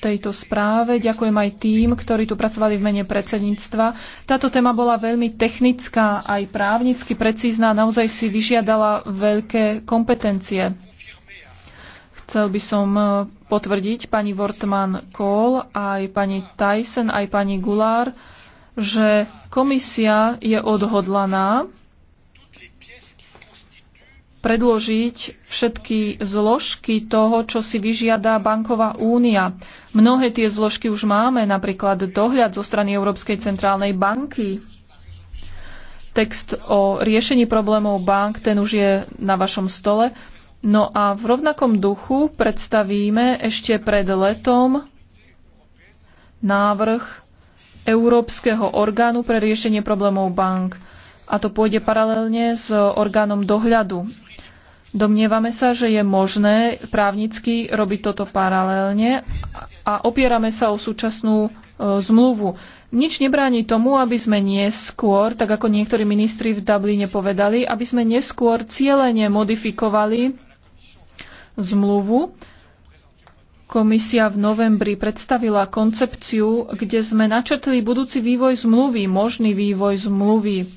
tejto správe. Ďakujem aj tým, ktorí tu pracovali v mene predsedníctva. Táto téma bola veľmi technická, aj právnicky precízna, naozaj si vyžiadala veľké kompetencie. Chcel by som e, potvrdiť pani Wortmann Kohl, aj pani Tyson, aj pani Gulár, že komisia je odhodlaná predložiť všetky zložky toho, čo si vyžiada banková únia. Mnohé tie zložky už máme, napríklad dohľad zo strany Európskej centrálnej banky. Text o riešení problémov bank, ten už je na vašom stole. No a v rovnakom duchu predstavíme ešte pred letom návrh Európskeho orgánu pre riešenie problémov bank. A to pôjde paralelne s orgánom dohľadu. Domnievame sa, že je možné právnicky robiť toto paralelne a opierame sa o súčasnú e, zmluvu. Nič nebráni tomu, aby sme neskôr, tak ako niektorí ministri v Dubline povedali, aby sme neskôr cieľene modifikovali zmluvu. Komisia v novembri predstavila koncepciu, kde sme načetli budúci vývoj zmluvy, možný vývoj zmluvy.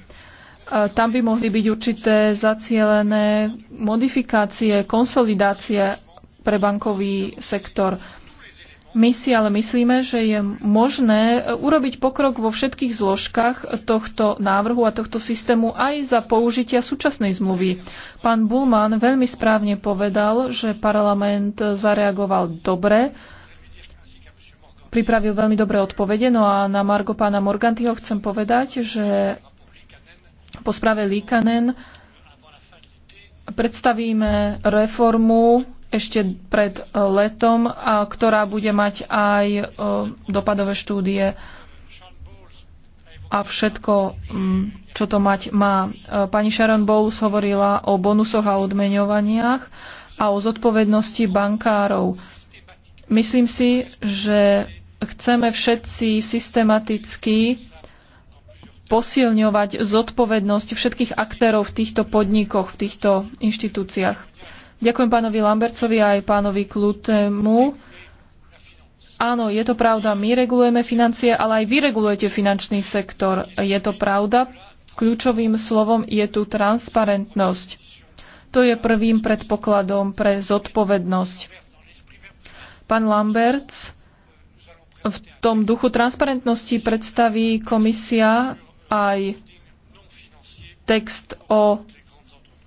Tam by mohli byť určité zacielené modifikácie, konsolidácie pre bankový sektor. My si ale myslíme, že je možné e, urobiť pokrok vo všetkých zložkách tohto návrhu a tohto systému aj za použitia súčasnej zmluvy. Pán Bulman veľmi správne povedal, že parlament zareagoval dobre, pripravil veľmi dobré odpovede. No a na Margo pána Morgantyho chcem povedať, že po správe Líkanen predstavíme reformu ešte pred e, letom, a ktorá bude mať aj e, dopadové štúdie a všetko, mm, čo to mať má. E, pani Sharon Bowles hovorila o bonusoch a odmeňovaniach a o zodpovednosti bankárov. Myslím si, že chceme všetci systematicky posilňovať zodpovednosť všetkých aktérov v týchto podnikoch, v týchto inštitúciách. Ďakujem pánovi Lambercovi a aj pánovi Klutemu. Áno, je to pravda, my regulujeme financie, ale aj vy regulujete finančný sektor. Je to pravda. Kľúčovým slovom je tu transparentnosť. To je prvým predpokladom pre zodpovednosť. Pán Lamberts v tom duchu transparentnosti predstaví komisia aj text o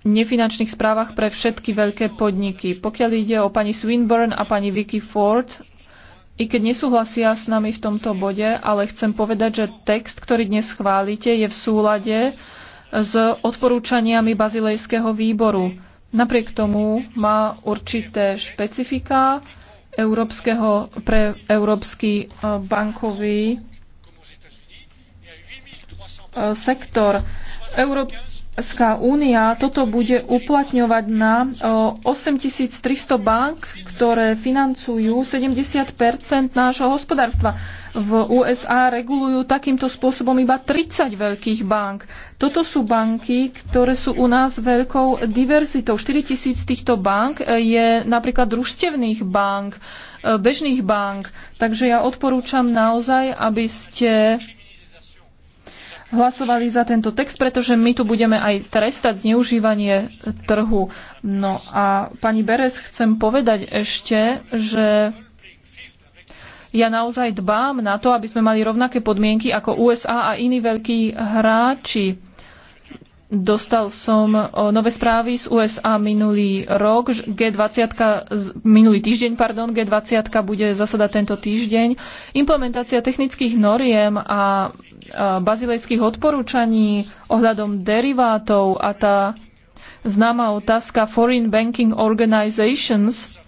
nefinančných správach pre všetky veľké podniky. Pokiaľ ide o pani Swinburne a pani Vicky Ford, i keď nesúhlasia s nami v tomto bode, ale chcem povedať, že text, ktorý dnes chválite, je v súlade s odporúčaniami Bazilejského výboru. Napriek tomu má určité špecifika európskeho, pre európsky e, bankový e, sektor. Euró- Európska únia toto bude uplatňovať na 8300 bank, ktoré financujú 70 nášho hospodárstva. V USA regulujú takýmto spôsobom iba 30 veľkých bank. Toto sú banky, ktoré sú u nás veľkou diverzitou. 4000 týchto bank je napríklad družstevných bank, e, bežných bank. Takže ja odporúčam naozaj, aby ste hlasovali za tento text, pretože my tu budeme aj trestať zneužívanie trhu. No a pani Beres chcem povedať ešte, že ja naozaj dbám na to, aby sme mali rovnaké podmienky ako USA a iní veľkí hráči Dostal som nové správy z USA minulý rok. G20, minulý týždeň, pardon, G20 bude zasadať tento týždeň. Implementácia technických noriem a bazilejských odporúčaní ohľadom derivátov a tá známa otázka Foreign Banking Organizations,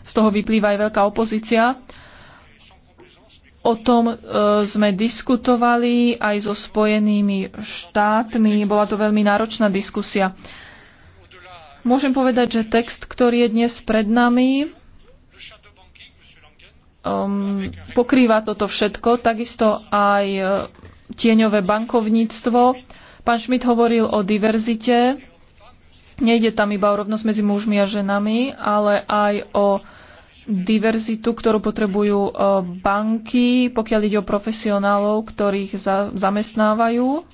z toho vyplýva aj veľká opozícia, O tom e, sme diskutovali aj so Spojenými štátmi. Bola to veľmi náročná diskusia. Môžem povedať, že text, ktorý je dnes pred nami, um, pokrýva toto všetko, takisto aj e, tieňové bankovníctvo. Pán Schmidt hovoril o diverzite. Nejde tam iba o rovnosť medzi mužmi a ženami, ale aj o diverzitu, ktorú potrebujú e, banky, pokiaľ ide o profesionálov, ktorých za, zamestnávajú.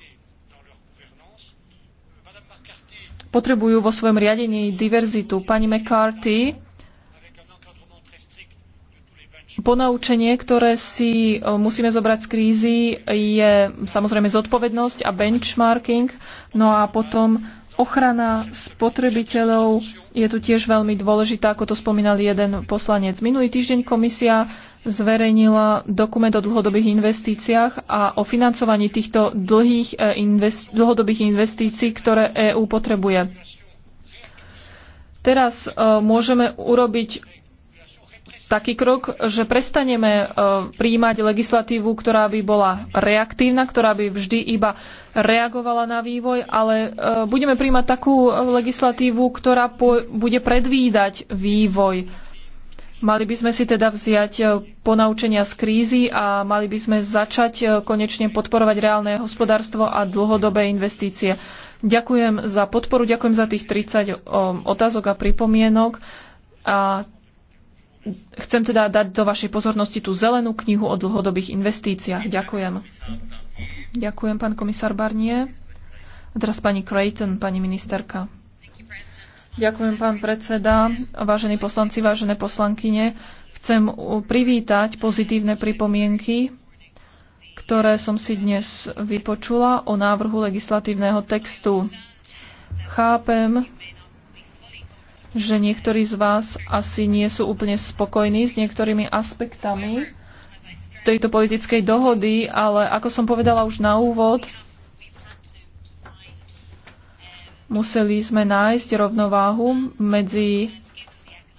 Potrebujú vo svojom riadení diverzitu. Pani McCarthy, ponaučenie, ktoré si e, musíme zobrať z krízy, je samozrejme zodpovednosť a benchmarking, no a potom Ochrana spotrebiteľov je tu tiež veľmi dôležitá, ako to spomínal jeden poslanec. Minulý týždeň komisia zverejnila dokument o dlhodobých investíciách a o financovaní týchto dlhých e, invest- dlhodobých investícií, ktoré EÚ potrebuje. Teraz uh, môžeme urobiť taký krok, že prestaneme e, prijímať legislatívu, ktorá by bola reaktívna, ktorá by vždy iba reagovala na vývoj, ale e, budeme prijímať takú e, legislatívu, ktorá bude predvídať vývoj. Mali by sme si teda vziať ponaučenia z krízy a mali by sme začať konečne podporovať reálne hospodárstvo a dlhodobé investície. Ďakujem za podporu, ďakujem za tých 30 otázok a pripomienok. A Chcem teda dať do vašej pozornosti tú zelenú knihu o dlhodobých investíciách. Ďakujem. Ďakujem, pán komisár Barnier. A teraz pani Creighton, pani ministerka. Ďakujem, pán predseda. Vážení poslanci, vážené poslankyne, chcem privítať pozitívne pripomienky, ktoré som si dnes vypočula o návrhu legislatívneho textu. Chápem, že niektorí z vás asi nie sú úplne spokojní s niektorými aspektami tejto politickej dohody, ale ako som povedala už na úvod, museli sme nájsť rovnováhu medzi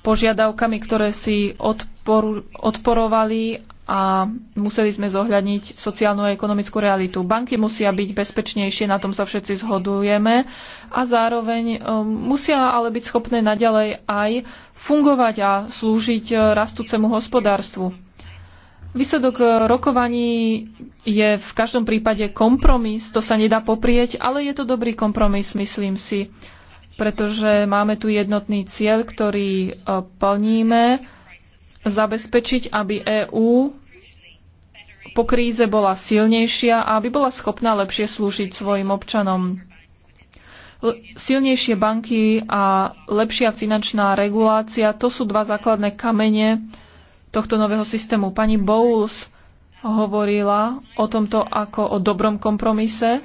požiadavkami, ktoré si odporu, odporovali a museli sme zohľadniť sociálnu a ekonomickú realitu. Banky musia byť bezpečnejšie, na tom sa všetci zhodujeme a zároveň um, musia ale byť schopné naďalej aj fungovať a slúžiť uh, rastúcemu hospodárstvu. Výsledok uh, rokovaní je v každom prípade kompromis, to sa nedá poprieť, ale je to dobrý kompromis, myslím si, pretože máme tu jednotný cieľ, ktorý uh, plníme, zabezpečiť, aby EÚ po kríze bola silnejšia a aby bola schopná lepšie slúžiť svojim občanom. Silnejšie banky a lepšia finančná regulácia to sú dva základné kamene tohto nového systému. Pani Bowles hovorila o tomto ako o dobrom kompromise,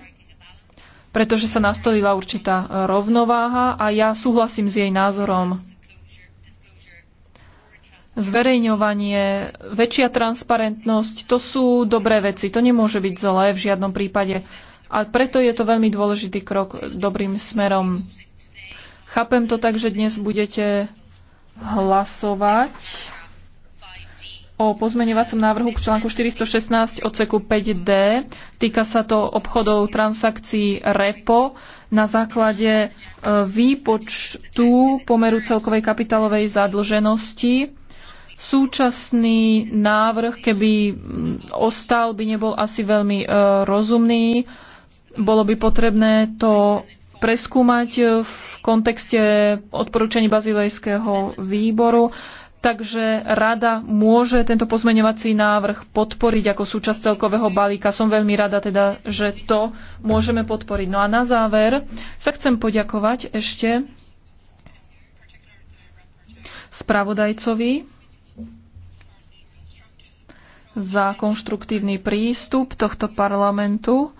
pretože sa nastolila určitá rovnováha a ja súhlasím s jej názorom zverejňovanie, väčšia transparentnosť, to sú dobré veci. To nemôže byť zlé v žiadnom prípade. A preto je to veľmi dôležitý krok dobrým smerom. Chápem to tak, že dnes budete hlasovať o pozmeňovacom návrhu k článku 416 odseku 5d. Týka sa to obchodov transakcií repo na základe e, výpočtu pomeru celkovej kapitálovej zadlženosti Súčasný návrh, keby ostal, by nebol asi veľmi e, rozumný. Bolo by potrebné to preskúmať e, v kontexte odporúčaní Bazilejského výboru. Takže rada môže tento pozmeňovací návrh podporiť ako súčasť celkového balíka. Som veľmi rada teda, že to môžeme podporiť. No a na záver sa chcem poďakovať ešte spravodajcovi za konštruktívny prístup tohto parlamentu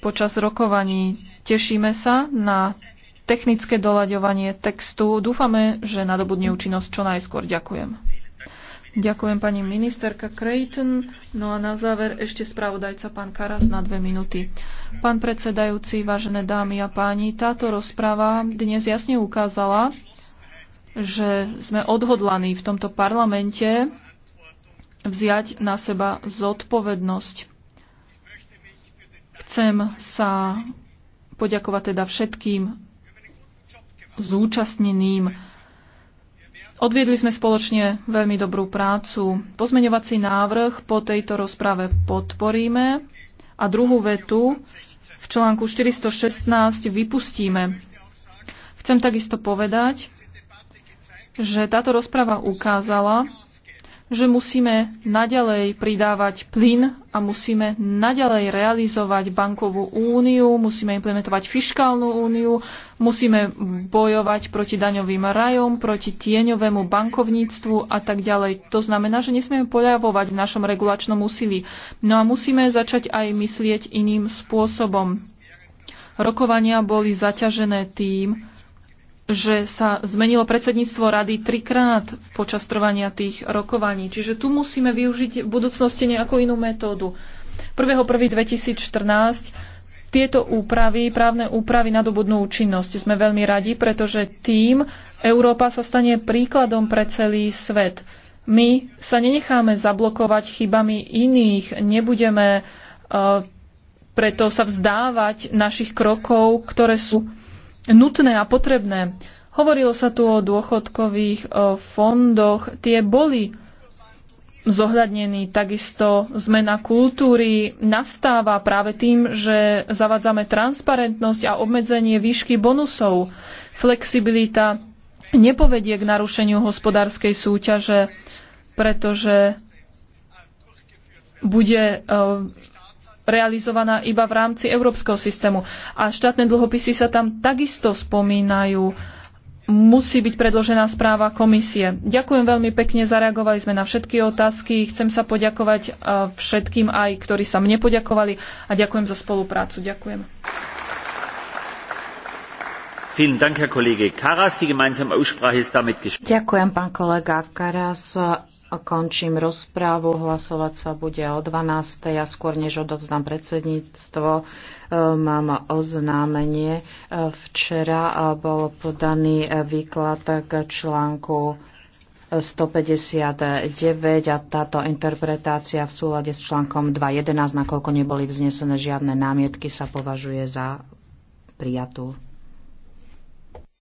počas rokovaní. Tešíme sa na technické doľaďovanie textu. Dúfame, že nadobudne účinnosť čo najskôr. Ďakujem. Ďakujem pani ministerka Creighton. No a na záver ešte spravodajca pán Karas na dve minúty. Pán predsedajúci, vážené dámy a páni, táto rozpráva dnes jasne ukázala, že sme odhodlaní v tomto parlamente vziať na seba zodpovednosť. Chcem sa poďakovať teda všetkým zúčastneným. Odviedli sme spoločne veľmi dobrú prácu. Pozmeňovací návrh po tejto rozprave podporíme a druhú vetu v článku 416 vypustíme. Chcem takisto povedať, že táto rozprava ukázala, že musíme naďalej pridávať plyn a musíme naďalej realizovať bankovú úniu, musíme implementovať fiškálnu úniu, musíme bojovať proti daňovým rajom, proti tieňovému bankovníctvu a tak ďalej. To znamená, že nesmieme poľavovať v našom regulačnom úsilí. No a musíme začať aj myslieť iným spôsobom. Rokovania boli zaťažené tým, že sa zmenilo predsedníctvo rady trikrát počas trvania tých rokovaní. Čiže tu musíme využiť v budúcnosti nejakú inú metódu. 1.1.2014 tieto úpravy, právne úpravy nadobudnú účinnosť. Sme veľmi radi, pretože tým Európa sa stane príkladom pre celý svet. My sa nenecháme zablokovať chybami iných, nebudeme uh, preto sa vzdávať našich krokov, ktoré sú nutné a potrebné. Hovorilo sa tu o dôchodkových fondoch. Tie boli zohľadnení, Takisto zmena kultúry nastáva práve tým, že zavádzame transparentnosť a obmedzenie výšky bonusov. Flexibilita nepovedie k narušeniu hospodárskej súťaže, pretože bude e, realizovaná iba v rámci európskeho systému. A štátne dlhopisy sa tam takisto spomínajú. Musí byť predložená správa komisie. Ďakujem veľmi pekne, zareagovali sme na všetky otázky. Chcem sa poďakovať e, všetkým aj, ktorí sa mne poďakovali a ďakujem za spoluprácu. Ďakujem. Ďakujem, pán kolega Karas. Končím rozprávu. Hlasovať sa bude o 12. Ja skôr než odovzdám predsedníctvo, e, mám oznámenie. E, včera e, bol podaný výklad k článku 159 a táto interpretácia v súlade s článkom 2.11, nakoľko neboli vznesené žiadne námietky, sa považuje za prijatú.